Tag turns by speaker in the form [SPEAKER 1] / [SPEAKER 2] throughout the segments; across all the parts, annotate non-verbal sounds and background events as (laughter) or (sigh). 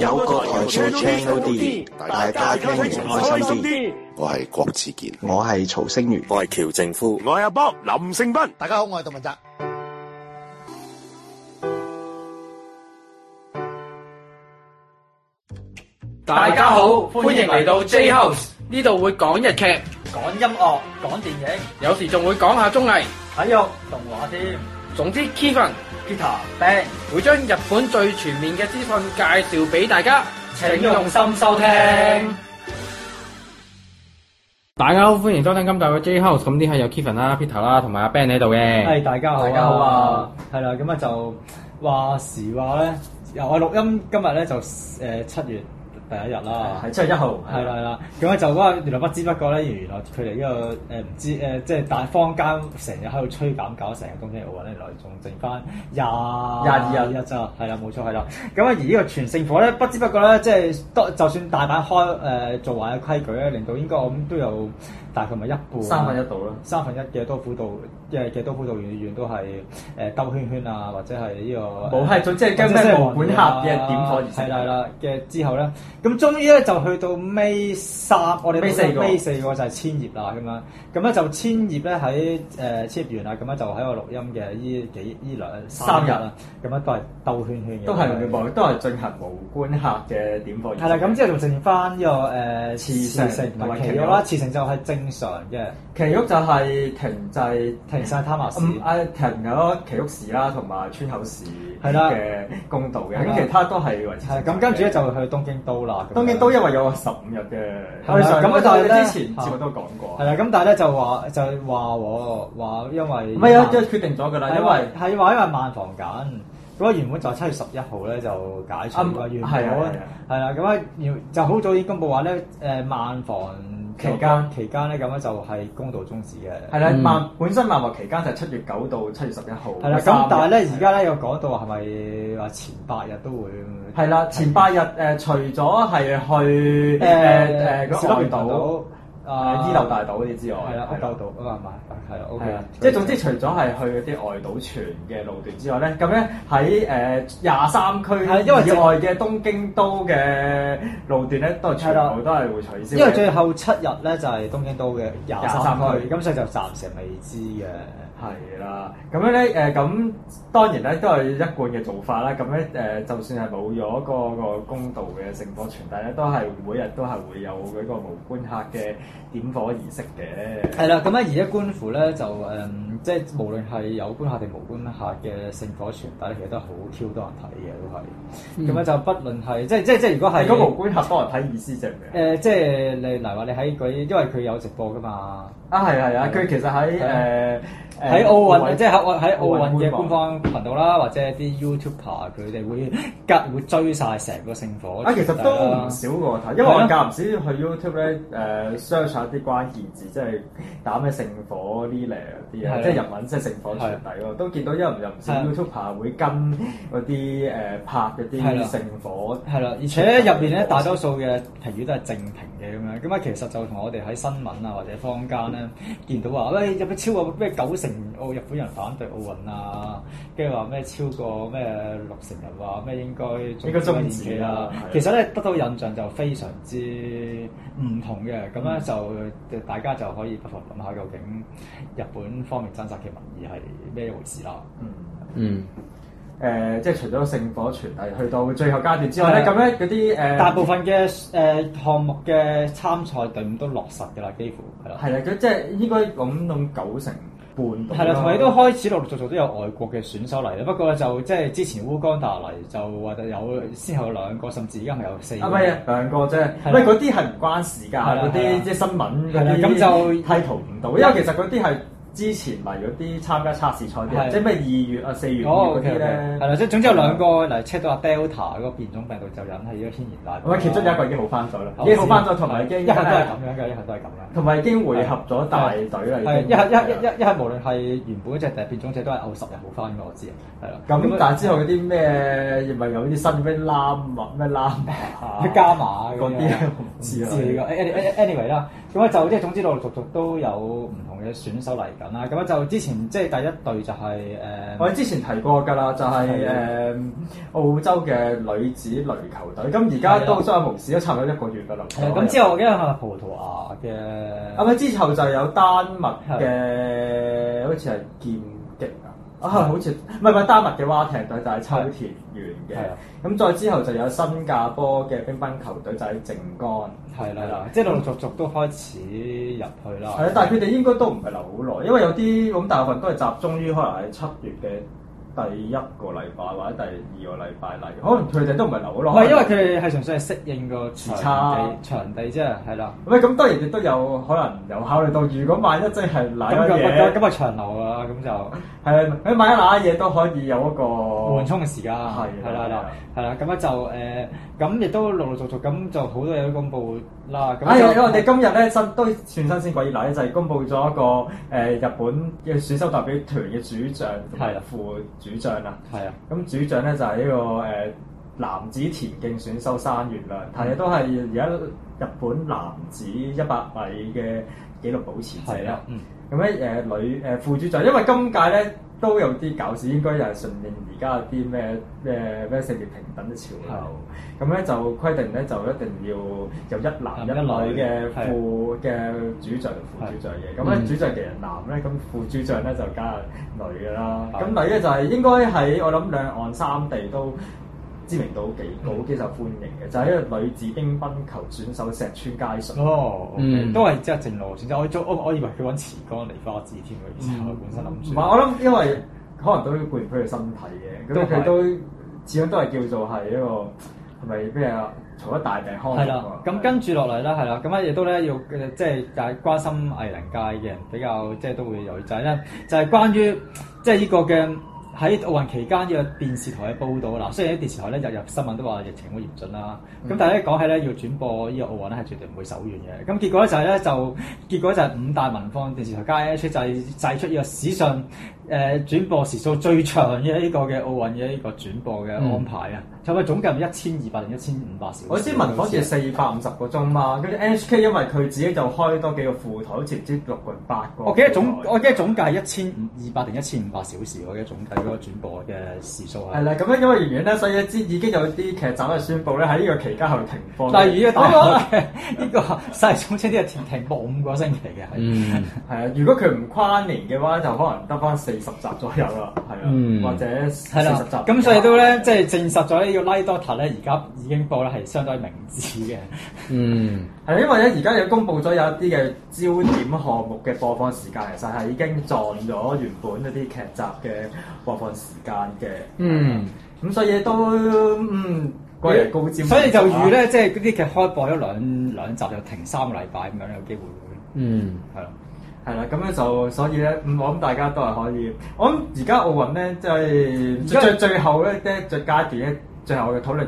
[SPEAKER 1] 有個台 channel D 聽多啲，大家聽完開心啲。我係郭子健，我係曹星如，我係喬正夫，我係阿 Bob 林盛斌。大家好，我係杜文澤。
[SPEAKER 2] 大家好，歡迎嚟到 J House，呢度會講日劇、
[SPEAKER 1] 講音樂、講電影，
[SPEAKER 2] 有時仲會講下綜藝、體育、動畫添。總之，Kevin。Peter Guitar , Ben 會將日本最全面嘅資訊介紹俾大家，請用心收聽。大家好，歡迎收聽今集嘅 J-House，咁呢係有 Kevin 啦、Peter 啦同埋阿 Ben 喺度嘅。係大家好，大家好啊。
[SPEAKER 1] 係啦、啊，咁啊就話時話咧，由我錄音，今日咧就誒七、呃、月。第一日啦，係七月一號，係啦係啦，咁咧就嗰個原來不知不覺咧，原來距離呢個誒唔、呃、知誒，即係但係坊間成日喺度吹減搞成日東京奧運咧，原來仲剩翻廿廿二日就係啦，冇錯係啦，咁啊而呢個全勝火咧不知不覺咧，即係當就算大阪開誒、呃、做壞嘅規矩咧，令到應該我諗都有。大概咪一半三分一度咯，三分一嘅都道府縣嘅嘅都道府縣都係誒兜圈圈啊，或者係呢個冇係總之係跟咩觀客嘅點火儀式係啦係啦，嘅之後咧，咁終於咧就去到尾三，我哋尾四個就係千葉啦咁樣，咁咧就千葉咧喺誒千葉縣啦，咁咧就喺我錄音嘅依幾依兩三日啊，咁咧都係兜圈圈嘅，都係都係進行無觀客嘅點火儀式係啦，咁之後就剩翻呢個誒茨城同埋埼玉啦，茨城就係正。正常嘅，埼玉就係停滯停曬貪墨市，嗯，啊停咗埼玉市啦，同埋川口市嘅公道嘅，咁其他都係維持。咁跟住咧就去東京都啦。東京都因為有十五日嘅，咁但係咧之前節目都講過。係啦，咁但係咧就話就話話因為唔係啊，即係決
[SPEAKER 2] 定咗㗎啦，因為
[SPEAKER 1] 係話因為慢防緊，咁啊原本就係七月十一號咧就解除㗎，原本係啊係咁啊就好早已經公佈話咧誒慢防。期間，期間咧，咁咧就係公道終止嘅。係啦的，萬、嗯、本身漫畫期間就係七月九到七月十一號。係啦的，咁日但係咧而家咧，又講到係咪話前八日都會？係啦，前八日誒是的、呃，除咗係去誒誒個外島。啊！伊豆大島嗰啲之外，係啦，歐洲島啊嘛，係啦，OK。即係總之，除咗係去啲外島全嘅路段之外咧，咁咧喺誒廿三區因為以外嘅東京都嘅路段咧，都係全部都係會取消。因為最後七日咧就係東京都嘅廿三區，咁所以就暫時未知嘅。係啦，咁樣咧誒，咁、呃、當然咧都係一貫嘅做法啦。咁咧誒，就算係冇咗個個公道嘅聖火傳遞咧，都係每日都係會有嗰個無觀客嘅點火儀式嘅。係啦、嗯，咁咧而家觀乎咧就誒、嗯，即係無論係有觀客定無觀客嘅聖火傳遞其實都好超多人睇嘅都係。咁樣、嗯、就不論係即係即係即係如果係，如果無觀客多人睇意思就咩？誒、呃，即係你嗱話你喺佢，因為佢有直播㗎嘛。啊係係啊，佢其實喺誒。嗯
[SPEAKER 2] 喺奧運即係喺奧喺奧運嘅官
[SPEAKER 1] 方頻道啦，或者啲 YouTuber 佢哋會吉會追晒成個聖火。啊，其實都唔少個頭，因為我隔唔少去 YouTube 咧誒，search 一啲關鍵字，即係打咩聖火啲嚟啲啊，即係日文即係聖火傳遞喎，都見到因為唔少啲 YouTuber 會跟嗰啲誒拍嗰啲聖火。係啦，而且入邊咧大多數嘅評語都係正評嘅咁樣，咁啊其實就同我哋喺新聞啊或者坊間咧見到話，喂有冇超過咩九成？成日本人反對奧運啊，跟住話咩超過咩六成人話咩應該應該中止啊。止嗯、其實咧是的 得到印象就非常之唔同嘅，咁咧就大家就可以不妨諗下，究竟日本方面真實嘅民意係咩回事啦。嗯，嗯，誒、呃，即係除咗聖火傳遞去到最後階段之外咧，咁咧嗰啲誒大部分嘅誒、呃、項目嘅參賽隊伍都落實㗎啦，幾乎係啦，係啦，即係應該講到九成。係啦，同埋都開始陸陸續續都有外國嘅選手嚟，不過就即係之前烏干達嚟就話有先後兩個，甚至而家係有四個。唔係啊，兩個啫。喂的，嗰啲係唔關事㗎，嗰啲即係新聞。咁就睇圖唔到，因為其實嗰啲係。之前埋咗啲參加測試賽啲，即係咩二月啊、四月嗰啲咧，係啦，即係總之有兩個，嚟 check 到阿 Delta 嗰個變種病毒就引起咗軒然大，咁啊，其中有一個已經好翻咗啦，已經好翻咗，同埋已經，一係都係咁樣嘅，一係都係咁啦，同埋已經回合咗大隊啦，已經一係一一一，一係無論係原本嗰隻定係變種者都係牛十日好翻嘅。我知啊，係啦。咁但係之後嗰啲咩，又咪有啲新咩 Lambda 咩 Lambda 咩伽馬嗰啲啊？唔知啊，anyway 啦，咁啊就即係總之陸陸續續都有。嘅選手嚟緊啦，咁樣就之前即係第一隊就係、是、誒，嗯、我哋之前提過㗎啦、就是，就係誒澳洲嘅女子壘球隊，咁而家都相安無事，都差唔多一個月啦，咁、嗯嗯、之後跟住係葡萄牙嘅，啊咪、嗯、之後就有丹麥嘅，的好似係劍擊。啊，好似唔係唔係，丹麥嘅蛙艇隊就係秋田縣嘅。咁的、嗯、再之後就有新加坡嘅乒乓球隊就喺靜岡。係啦，即係陸陸續續都開始入去啦。係啊的，的但係佢哋應該都唔係留好耐，因為有啲咁大部分都係集中於可能喺七月嘅。第一個禮拜或者第二個禮拜嚟，可能佢哋都唔係留咗落去，係因為佢哋係純粹係適應個場地差、啊、場地啫，係啦。喂、嗯，咁當然亦都有可能有考慮到，如果萬一真係嗱嘢嘅，今日長流啦，咁、那個、就係啊，你萬 (laughs) 一嗱嘢都可以有一個緩衝嘅時間，係係啦係啦係啦。咁咧就誒，咁、呃、亦都陸陸續續咁就好多嘢都公佈啦。咁啊、哎，我哋今日咧都算新鮮鬼熱辣就係、是、公佈咗一個誒、呃、日本嘅選手代表團嘅主將係啦副。嗯、主將啦、這個，係、呃、啊，咁主將咧就係呢個誒男子田徑選手山縣亮，但係都係而家日本男子一百米嘅紀錄保持者啦。嗯。咁咧誒女誒、呃、副主將，因為今屆咧都有啲搞事，應該又係順應而家啲咩誒咩性別平等嘅潮流。咁咧的就規定咧就一定要有一男一女嘅副嘅的主將、副主將嘅。咁咧主將其實男咧，咁副主將咧就加女嘅啦。咁的女咧就係、是、應該喺我諗兩岸三地都。知名度幾高，幾受歡迎嘅，就係、是、一個女子乒乓球選手石川佳純，哦，oh, okay. mm. 都係即係正路選手。我我以為佢揾池江璃花子添嘅，原來、mm. 本身諗住。唔係、嗯，我諗因為可能都顧慮佢嘅身體嘅，咁佢都是始終都係叫做係一個係咪咩啊？除咗大病康復的啊。咁跟住落嚟啦，係啦，咁乜嘢都咧要即係關心藝人界嘅人比較，即係都會有，就係因為就係關於即係呢個嘅。嗯嗯嗯嗯。喺奧運期間，呢個電視台嘅報道嗱，雖然喺電視台咧日日新聞都話疫情好嚴峻啦，咁、嗯、但係咧講起咧要轉播呢個奧運咧，係絕對唔會手軟嘅。咁結果咧就係咧就，結果就係五大民放電視台加出就係製出呢個史上誒轉播時數最長嘅呢個嘅奧運嘅呢個轉播嘅安排啊，係咪總計一千二百定一千五百小時？我先問，好似係四百五十個鐘嘛？嗰啲 NHK 因為佢自己就開多幾個副台，好似唔知六個定八個。我記得總我記得總計一千五二百定一千五百小時，我記得總計嗰個轉播嘅時數係。係啦，咁樣因為源遠咧，所以之已經有啲劇集咧宣佈咧喺呢個期間去停播。但係而家大呢個世亞中超呢個停停播五個星期嘅，係啊，如果佢唔跨年嘅話就可能得翻四。十集左右啦，係啊，嗯、或者四十集。咁所以都咧，即、就、係、是、證實咗、這個、呢個《Lie Detector》咧，而家已經播咧係相當明智嘅。嗯，係因為咧，而家有公布咗有一啲嘅焦點項目嘅播放時間，其實係已經撞咗原本嗰啲劇集嘅播放時間嘅。嗯，咁所以都嗯，
[SPEAKER 2] 果然高招。所以就預咧，嗯、
[SPEAKER 1] 即係嗰啲劇開播咗兩兩集就停三個禮拜咁樣，有機會會嗯係啦。嗯係啦，咁咧就所以咧，我諗大家都係可以。我諗而家奧運咧，即係最最後咧，即係最後階段咧，最後嘅討論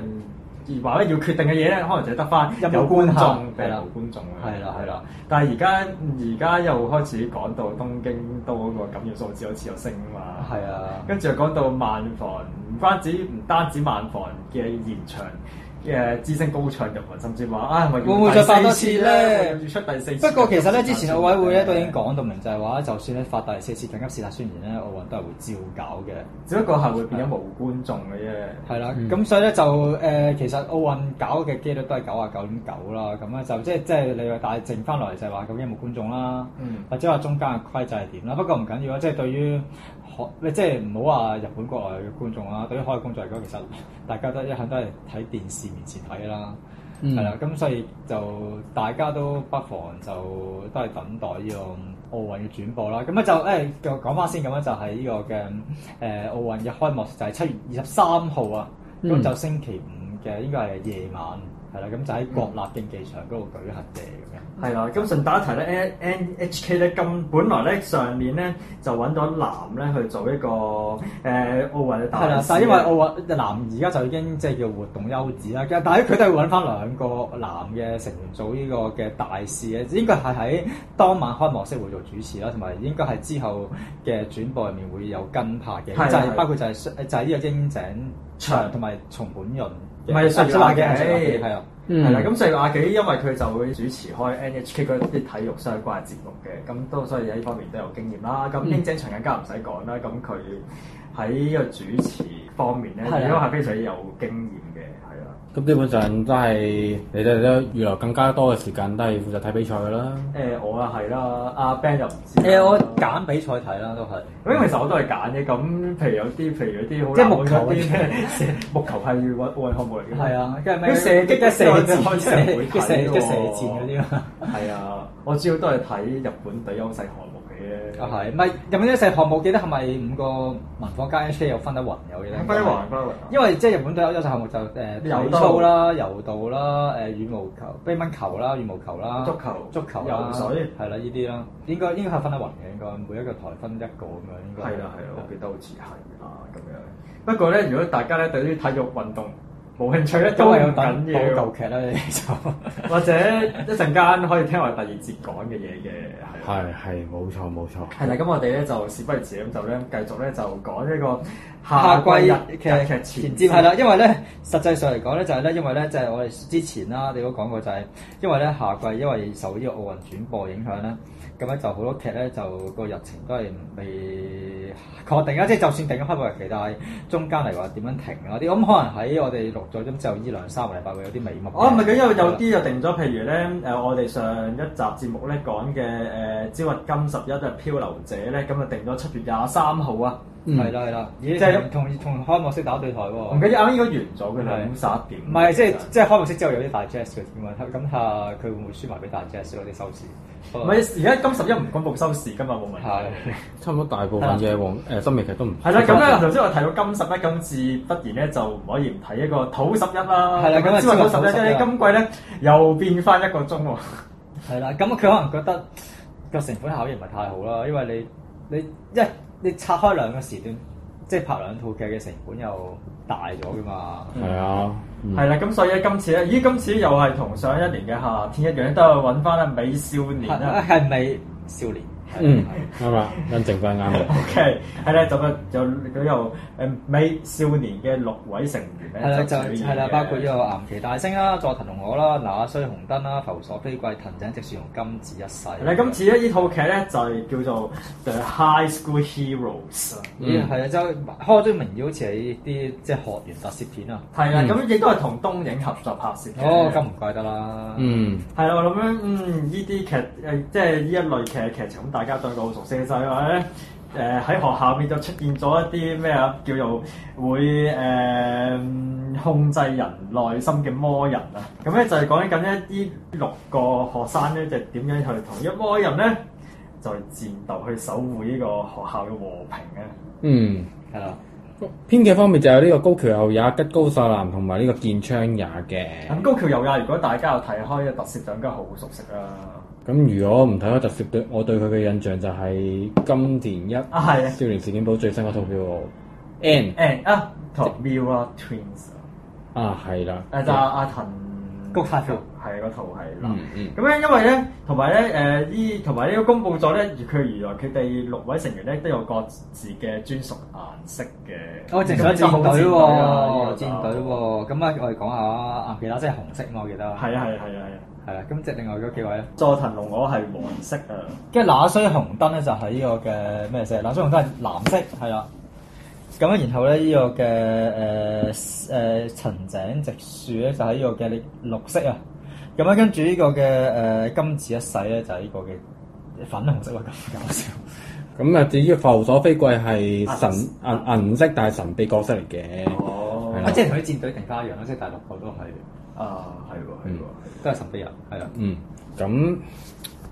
[SPEAKER 1] 而話咧要決定嘅嘢咧，可能就係得翻有觀眾，冇觀眾啦。係啦，係啦。但係而家而家又開始講到東京都嗰個感染數字好似的又升啊嘛。係啊。跟住又講到萬防，唔單止唔單止萬防嘅延長。誒，資深、yeah, 高層入雲，甚至話啊，哎、要要會唔會再發多次咧？要出第四次。不過其實咧，之前奧委會咧都已經講到明，就係話，就算咧發第四次緊急事態宣言咧，奧運都係會照搞嘅。只不過係會變咗冇觀眾嘅啫。係啦，咁、嗯、所以咧就誒、呃，其實奧運搞嘅機率都係九啊九點九啦。咁咧就即係即係你話，大剩翻落嚟就係話，究竟有冇觀眾啦？
[SPEAKER 2] 嗯、
[SPEAKER 1] 或者話中間嘅規則係點啦？不過唔緊要啦，即、就、係、是、對於。即係唔好話日本國內嘅觀眾啦，對於開個工作嚟講，其實大家都一向都係睇電視面前睇啦，
[SPEAKER 2] 係啦、嗯，
[SPEAKER 1] 咁所以就大家都不妨就都係等待呢個奧運嘅轉播啦。咁啊就誒講講翻先咁樣，就係、是、呢個嘅誒奧運嘅開幕就係七月二十三號啊，咁、嗯、就星期五嘅應該係夜晚。係啦，咁就喺國立競技場嗰度舉行嘅咁樣。係啦、嗯，咁 (noise) 順帶一提咧，NHK 咧今本來咧上年咧就揾咗男咧去做一個誒、呃、奧運嘅大使。係啦，但係因為奧運男而家就已經即係叫活動休止啦，但係佢哋會揾翻兩個男嘅成員做呢個嘅大使嘅，應該係喺當晚開幕式會做主持啦，同埋應該係之後嘅轉播入面會有跟拍嘅，的就係包括就係、是、就係、是、呢個櫻，櫻井翔同埋松本潤。唔係四廿幾，係啊，係啦。咁四月廿幾，因為佢就會主持開 NHK 啲體育相關嘅節目嘅，咁都所以喺呢方面都有經驗啦。咁英姐長更加唔使講啦，咁佢喺呢個主持方面咧，你都係非常之有經驗嘅，
[SPEAKER 2] 係啊。咁基本上都係，你哋都預留更加多嘅時間，都係負責睇比賽噶啦。
[SPEAKER 1] 誒、欸，我啊係啦，阿 Ben 又唔知。誒、欸，我揀比賽睇啦，都係。咁因為其實我都係揀嘅，咁譬如有啲，譬如有啲好即難投嗰啲，木球係要揾外項目嚟嘅。係啊的，跟住咩？佢射擊嘅射箭，佢射嘅射箭嗰啲啊。係啊，我主要都係睇日本嘅優勢啊，係，唔係日本啲成項目，記得係咪五個文房間一 A 有分得環有嘅？分得環，分得環。因為即係日本都有有隻項目就誒、是，呃、道體操啦、柔道啦、誒羽毛球、乒乓球啦、羽毛球啦、足球、足球、游水，係啦呢啲啦。應該應該係分得環嘅，應該，應該每一個台分一個咁樣，應該的我別得好似係啊咁樣。不過咧，如果大家咧對呢啲體育運動，冇興趣咧，都係好緊要舊劇咧，就或者一陣間可以聽我哋第二節講嘅嘢嘅。
[SPEAKER 2] 係係冇錯冇錯。係啦，咁我哋咧
[SPEAKER 1] 就事不宜遲咁，就咧繼續咧就講呢個夏季日劇前瞻係啦，因為咧實際上嚟講咧就係咧，因為咧就係、是、我哋之前啦，你都講過就係因為咧夏季因為受呢個奧運轉播影響咧。咁咧就好多劇咧，就個日程都係未確定啊！即係就算定咗開幕日期，但係中間嚟話點樣停啊啲咁，可能喺我哋錄咗咁之後依兩三個禮拜會有啲眉目。哦，唔係咁，因為有啲就定咗，譬如咧誒、呃，我哋上一集節目咧講嘅誒《朝、呃、日金十一》即係《漂流者》咧，咁就定咗七月廿三號啊。嗯，係啦係啦。咦，即係同同開幕式打對台喎、啊。唔緊要，啱啱應該完咗嘅啦，五十一點。唔係，即係即係開幕式之後有啲大 Jazz 嘅點啊？咁下佢會唔會輸埋俾大 Jazz 嗰啲收視？唔係，而家金十一唔敢報收視，噶嘛，冇問題。
[SPEAKER 2] (laughs) 差唔多大部分嘅黃誒新劇都唔係啦。咁啊，頭先我提
[SPEAKER 1] 到金十一今次突然咧就唔可以唔睇一個土十一啦。係啦吧，咁啊樣，土十一咧今季咧又變翻一個鐘喎。係啦，咁佢可能覺得個成本效益唔係太好啦，因為你你一你，你拆開兩個時段，即係拍兩套劇嘅成本又大咗噶嘛。
[SPEAKER 2] 係啊吧。嗯係啦，
[SPEAKER 1] 咁、嗯、所以咧，今次咧，咦，今次又係同上一年嘅夏天一樣都係揾翻咧美少年。啊，係美少年。
[SPEAKER 2] 嗯，啱、嗯、啦，欣靜翻啱啦。OK，
[SPEAKER 1] 係啦，就個就佢由誒美少年嘅六位成員，咧，係就係啦，包括呢有岩崎大星啦、佐藤龍我啦、那須雄登啦、浮所飛貴、藤井直樹同金子一世。係啦的，嗯、今次咧依套劇咧就係叫做《The High School Heroes》。嗯，係啊，就開咗名義好似係啲即係學員特攝片啊。係啊、嗯，咁亦都係同東影合作拍攝。哦，咁唔怪得啦、嗯。嗯，係啦，我諗咧，嗯，呢啲劇誒，即係呢一,一類劇嘅劇情大家對佢好熟悉，就係話咧，誒、呃、喺學校面就出現咗一啲咩啊，叫做會誒、呃、控制人內心嘅魔人啊。咁、嗯、咧就係、是、講緊一啲六個學生咧，就點樣去同一魔人咧在、就是、戰鬥，去守護呢個學校嘅和平咧、啊。嗯，
[SPEAKER 2] 係啦。編劇方面就有呢個高橋又也、吉高由里同埋呢個建槍也嘅。
[SPEAKER 1] 咁高橋又也，如果大家有睇開嘅特攝，就應該好熟悉啦、啊。
[SPEAKER 2] 咁如果唔睇我特攝對，我對佢嘅印象就係金田一啊，係啊，少年事件簿最新嗰套叫
[SPEAKER 1] N，誒啊，Tobira Twins
[SPEAKER 2] 啊，係啦、啊，誒就、啊啊、
[SPEAKER 1] 阿騰。谷咖啡，
[SPEAKER 2] 係個套係啦。咁、嗯、咧， (noise) 因為咧，
[SPEAKER 1] 同埋咧，誒、呃，依同埋呢個公佈咗咧，而佢如來佢哋六位成員咧都有各自嘅專屬顏色
[SPEAKER 2] 嘅。哦，淨左戰隊喎、啊啊啊，戰隊
[SPEAKER 1] 喎。咁啊，我哋講下啊，其他即係紅色咯，我記得。係啊，係啊，係啊，係啊。咁即、啊、另外嗰幾位咧，佐藤龍我係黃色啊。跟住那須雄登咧，就係、是、依個嘅咩色？那須雄登係藍色，係啦、啊。咁咧、這個呃呃，然後咧，呢個嘅誒誒陳井直樹咧，就喺呢個嘅綠色啊。咁咧，跟住呢個嘅誒金枝一世咧，就喺呢個嘅粉紅色啊，咁搞
[SPEAKER 2] 笑。咁啊，至於浮所飛貴係神銀銀色，但係神秘角色嚟嘅。哦，即係佢
[SPEAKER 1] 戰隊同花樣咯，即係大陸個都係。啊，係喎，係喎，嗯、都
[SPEAKER 2] 係神秘人，係啊。嗯，咁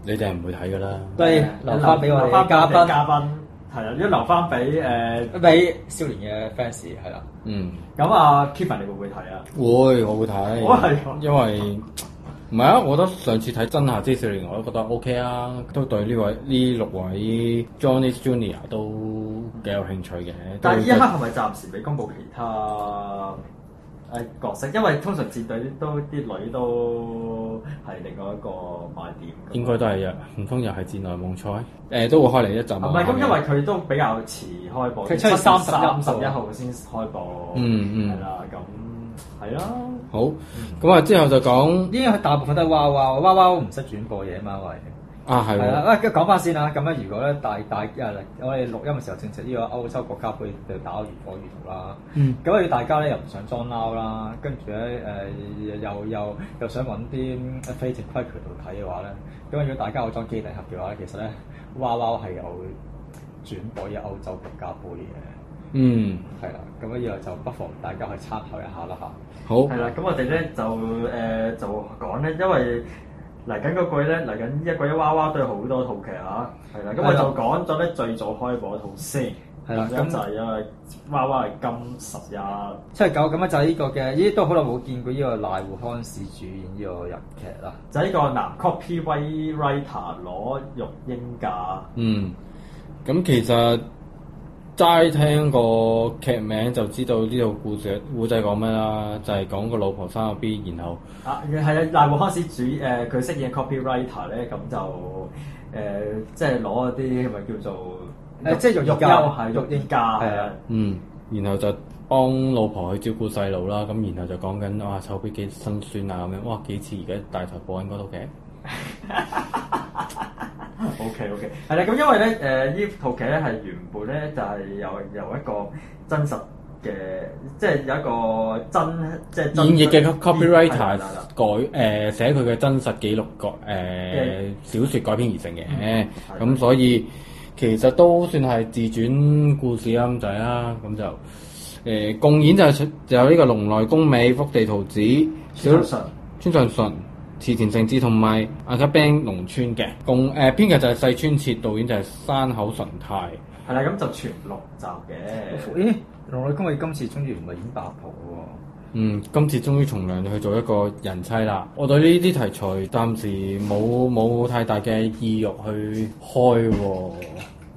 [SPEAKER 2] 你哋係唔會睇噶啦。對、嗯，留翻俾我哋嘉賓。嘉
[SPEAKER 1] 賓。係啊，要留翻俾誒，俾少年嘅 fans 係啦。嗯，咁啊，Kevin 你會唔會睇啊？
[SPEAKER 2] 會，我會睇。我因為唔係 (laughs) 啊，我覺得上次睇《真夏之少年》我都覺得 OK 啊，都對呢位呢六位 Johnny Junior 都幾有興趣嘅。嗯、都 但係呢一刻係咪
[SPEAKER 1] 暫時俾公布其他？誒角色，因為通常戰隊都啲女都係另外一個賣點。應該都
[SPEAKER 2] 係，唔通又係戰內夢賽？誒、嗯欸、都會開嚟一陣。唔係，咁因為
[SPEAKER 1] 佢都比較遲開播，佢七月三十一號先開播。嗯嗯，
[SPEAKER 2] 係、嗯、啦，咁
[SPEAKER 1] 係咯。好，
[SPEAKER 2] 咁啊、嗯、之後就講。應該
[SPEAKER 1] 大部分都係娃娃，娃娃唔識轉播嘢嘛，因啊，係。係啦，喂、啊，跟住講翻先啦。咁樣如果咧大大誒，我哋錄音嘅時候正值呢個歐洲國家杯就打完嗰段圖啦。咁、嗯、如果大家咧又唔想裝撈啦，跟住咧誒又又又想揾啲非正規渠道睇嘅話咧，咁如果大家有裝機頂盒嘅話，其實咧哇撈係有轉播一歐洲國家杯嘅。嗯，係啦。咁啊，以後就不妨大家去參考一下啦，吓，好。係啦，咁我哋咧就誒、呃、就講咧，因為。嚟緊嗰句咧，嚟緊一季娃娃都有好多套劇吓，係啦。咁的我就講咗咧最早開播套先，咁的就係因為娃娃係金十啊。七月九咁啊，就係呢個嘅，咦，都好耐冇見過呢、這個瀨戶康史主演呢個日劇啦。就係、這、呢個男 cop 拿 copywriter 攞育嬰假，嗯，
[SPEAKER 2] 咁其實。齋聽個劇名就知道呢套故事，故仔講咩啦？就係、是、講個老婆生個 B，然後
[SPEAKER 1] 啊，係啊，嗱，開始主誒佢飾演 copywriter 咧，咁就誒即係攞一啲咪叫做誒即係育優係育嬰假係啊，
[SPEAKER 2] 家嗯啊然，然後就幫老婆去照顧細路啦，咁然後就講緊啊，湊 B 幾辛酸啊咁樣，哇幾似而家大台播緊嗰套劇。 (laughs) O K O K，係啦，咁因為
[SPEAKER 1] 咧，誒呢套劇咧係原本咧就係由由一個真實嘅，即係有一個真即係演繹嘅
[SPEAKER 2] copywriter 改誒寫佢嘅真實記錄個誒小說改編而成嘅，咁所以其實都算係自傳故事啦，就係啦，咁就誒共演就係有呢個瀧內公美、福地桃子，小純，村上淳。池田成志同埋阿吉兵農村嘅共，誒編劇就係細川徹，導演就係山口純太。
[SPEAKER 1] 係啦，咁就全六集嘅。咦、哦、欸，龍女公，你今次終於唔係演八婆喎？
[SPEAKER 2] 嗯，今次終於從良去做一個人妻啦。我對呢啲題材暫時冇冇太大嘅意欲去開喎。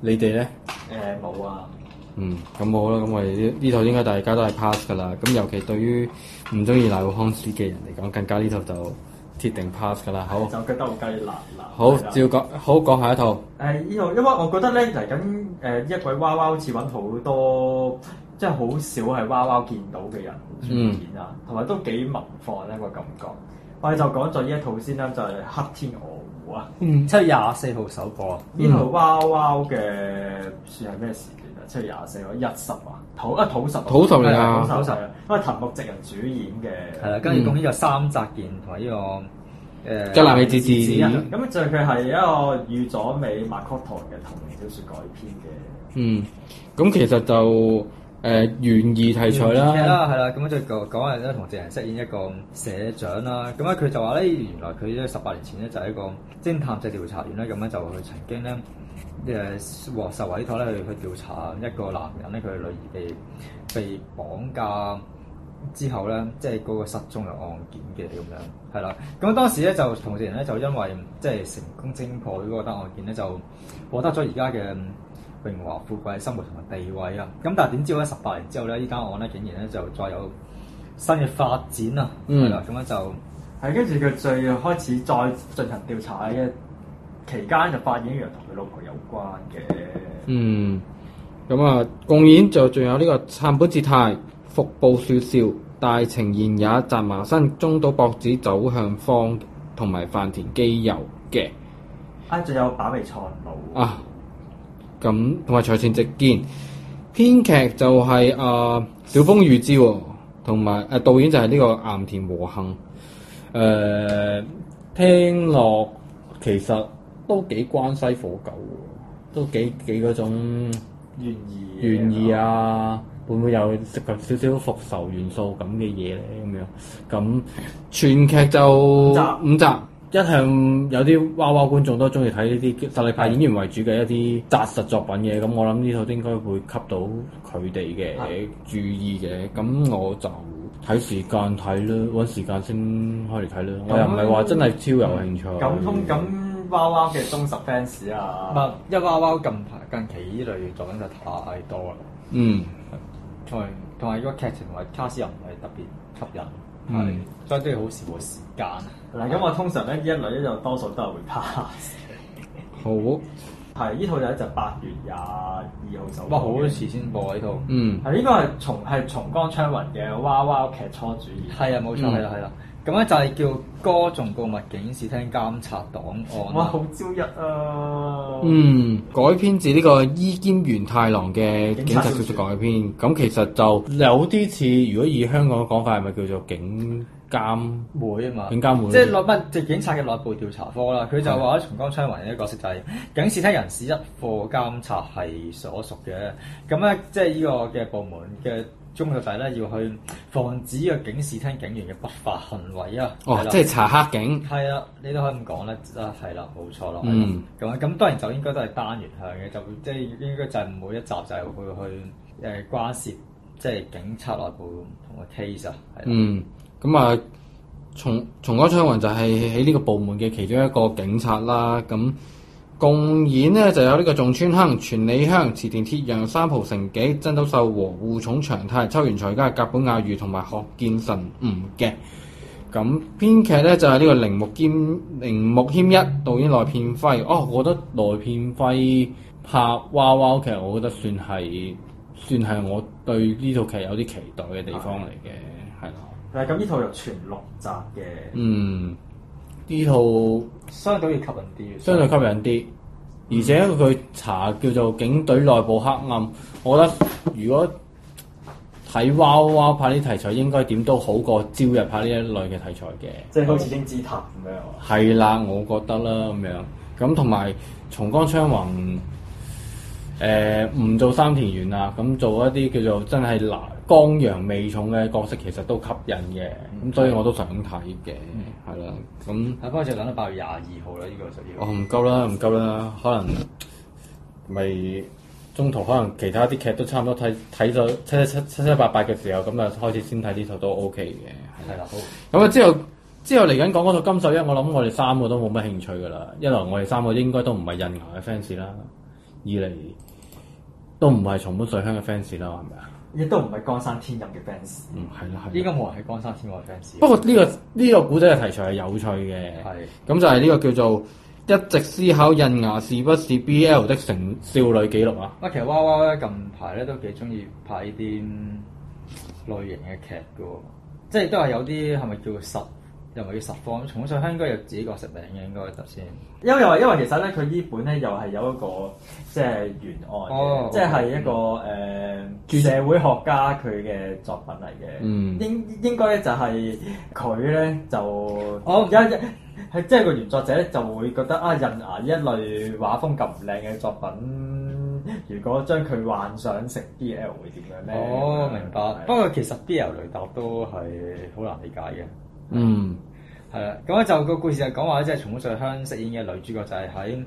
[SPEAKER 2] 你哋咧？
[SPEAKER 1] 誒冇、
[SPEAKER 2] 欸、啊、嗯。嗯，咁冇啦，咁我哋呢呢套應該大家都係 pass 㗎啦。咁尤其對於唔中意賴惠康師嘅人嚟講，更加呢套就～鐵定 pass 㗎啦，好就
[SPEAKER 1] 覺得雞好雞辣喇。好，照
[SPEAKER 2] 講，好講下一套。
[SPEAKER 1] 誒、呃，呢個因為我覺得咧嚟緊誒，呃、一鬼娃娃好似揾好多，即係好少係娃娃見到嘅人出現啊，同埋、嗯、都幾文況呢個感覺。嗯、我哋就講咗呢一套先啦，就係、黑天鵝湖啊，七月廿四號首播呢套娃娃嘅算係咩時？七月廿四嗰一十啊，土啊土十，土十嚟啊，土十神，土神因為藤木直人主演嘅。係啦、嗯，這個，跟住仲有三宅健同埋呢個誒吉瀬美智子，咁就佢係一個雨佐美麥克唐嘅同名小説改編嘅，
[SPEAKER 2] 嗯，咁、嗯嗯、其實就。誒懸疑題材啦，係啦、
[SPEAKER 1] 呃，咁咧就講講係咧，同志、嗯、人飾演一個社長啦。咁咧佢就話咧，原來佢咧十八年前咧就係、是、一個偵探嘅調查員咧，咁、嗯、咧就去曾經咧誒獲受委託咧去去調查一個男人咧，佢嘅女兒被被綁架之後咧，即係嗰個失蹤嘅案件嘅咁樣，係啦。咁、嗯嗯、當時咧就同志人咧就因為即係、就是、成功偵破咗嗰單案件咧，就獲得咗而家嘅。榮華富貴、生活同埋地位啊！咁但係點知咧？十八年之後咧，依間案咧竟然咧就再有新嘅發展啊！係啦、嗯，咁樣就係跟住佢最開始再進行調查嘅期間，就發現原來同佢老婆有關嘅、
[SPEAKER 2] 嗯。嗯，咁啊，共演就仲有呢個杉本志太、服部雪少、大晴賢也、澤麻生、中島博子、走向方同埋飯田基佑嘅。
[SPEAKER 1] 啊，仲有板尾創路啊！
[SPEAKER 2] 咁同埋財前直見，編劇就係啊小風雨枝，同埋誒，導演就係呢個岩田和幸誒、呃、聽落其實都幾關西火狗，都幾幾嗰種懸疑懸疑啊！會唔會有涉及少少復仇元素咁嘅嘢咧，咁樣呢？咁全劇就五集。五集一向有啲娃娃觀眾都中意睇呢啲實力派演員為主嘅一啲紮實作品嘅，咁是的 我諗呢套應該會吸到佢哋嘅注意嘅。咁是的 我就睇時間睇啦，搵時間先開嚟睇啦。那我又唔係話真係超有興趣。咁通咁
[SPEAKER 1] 娃娃嘅忠實 fans 啊，唔係，因為娃娃近排近期呢類作品就太多啦。嗯，同埋同埋個劇情同埋卡士又唔係特別吸引，係但是、嗯、所以都要好消耗時間。嗱，咁、嗯嗯、我通常咧一類一就多數都係會 pass 好。 (laughs) 好，係呢套就咧就八月廿二號首播，播好多次先播呢套。嗯，係呢個係松係松江昌宏嘅娃娃劇初主演。係啊，冇、嗯、哇錯，係啦，係啦。咁咧就係叫歌頌告密》、《警視廳監察檔案、啊。哇，好朝日啊！
[SPEAKER 2] 嗯，改編自呢個伊兼元太郎嘅警察小說改編。咁察其實就有啲似，如果以香港嘅講法，係咪叫做警？監會啊嘛，警監會，即係內
[SPEAKER 1] 乜即警察嘅內部調查科啦。佢的就話喺《重光槍雲》嘅角色就係警視廳人士一課監察係所屬嘅。咁咧，即係呢個嘅部門嘅中嘅第咧，要去防止呢個警視廳警員嘅不法行為啊。哦，的即係查黑警係啦，你都可以咁講啦，係啦，冇錯咯。咁咁、嗯、當然就應該都係單元向嘅，就即係應該就係每一集就係會去誒關涉即係、就是、警察內部同個 case 啊。嗯。
[SPEAKER 2] 咁啊，松松岡昌宏就係喺呢個部門嘅其中一個警察啦。咁、嗯、共演咧就有呢個仲村亨、全尾香、池田鐵洋、三浦誠己、真島秀和、戶塚翔太、秋元才加、甲本雅裕同埋鶴見辰吾嘅。咁編劇咧就係呢個鈴木兼鈴木謙一，導演內片輝。哦，我覺得內片輝拍娃娃劇，我覺得算係算係我對呢套劇有啲期待嘅地方嚟嘅。
[SPEAKER 1] 但係咁，
[SPEAKER 2] 呢套又
[SPEAKER 1] 全六集嘅。嗯，呢套相
[SPEAKER 2] 對要吸引啲，相對吸引啲。而且佢查叫做警隊內部黑暗，我覺得如果睇《娃娃》拍啲題材，應該點都好過《朝日》拍呢一類嘅題材嘅。即係好似《
[SPEAKER 1] 英姿塔》咁
[SPEAKER 2] 樣。係啦， (noise) 我覺得啦咁樣。咁同埋松岡昌宏，誒、呃、唔做三田園啦，咁做一啲叫做真係難。光陽味重嘅角色其實都吸引嘅，咁、嗯、所以我都想睇嘅，係啦、嗯，咁阿方 s 等
[SPEAKER 1] 到八月廿二號啦，呢個就要，我唔、
[SPEAKER 2] 啊、夠啦，唔夠啦，嗯、可能咪中途可能其他啲劇都差唔多睇睇咗七七七七七八八嘅時候，咁啊開始先睇呢套都 OK 嘅。係啦，好。咁啊之後，的後之後嚟緊講嗰套《金十一》，我諗我哋三個都冇乜興趣噶啦，一嚟我哋三個應該都唔係刃牙嘅 fans 啦，二嚟都唔係重本水香嘅 fans 啦，係咪啊？
[SPEAKER 1] 亦都唔係江山天任嘅 fans，嗯，係啦，係，依家冇人係江山天任嘅 fans。不過
[SPEAKER 2] 呢個呢個古仔嘅題材係有趣嘅，係咁就係呢個叫做一直思考刃牙是不是 BL 的成少女記錄啊。啊，
[SPEAKER 1] 其實娃娃咧近排咧都幾中意睇啲類型嘅劇嘅，即係都係有啲係咪叫做實「十？係要十方？重慶應該有自己個食名嘅，應該首先。因為因為其實咧，佢呢本咧又係有一個即係原案，哦、即係一個誒、嗯、社會學家佢嘅作品嚟嘅。嗯，應應該咧就係佢咧就哦，一係即係個原作者咧就會覺得啊，刃牙一類畫風咁唔靚嘅作品，如果將佢幻想成 BL 會點樣咧？哦，明白。不過是其實 BL 雷達都係好難理解嘅。嗯。係啦，咁咧就個故事就講話咧，即係馮紹峯飾演嘅女主角就係喺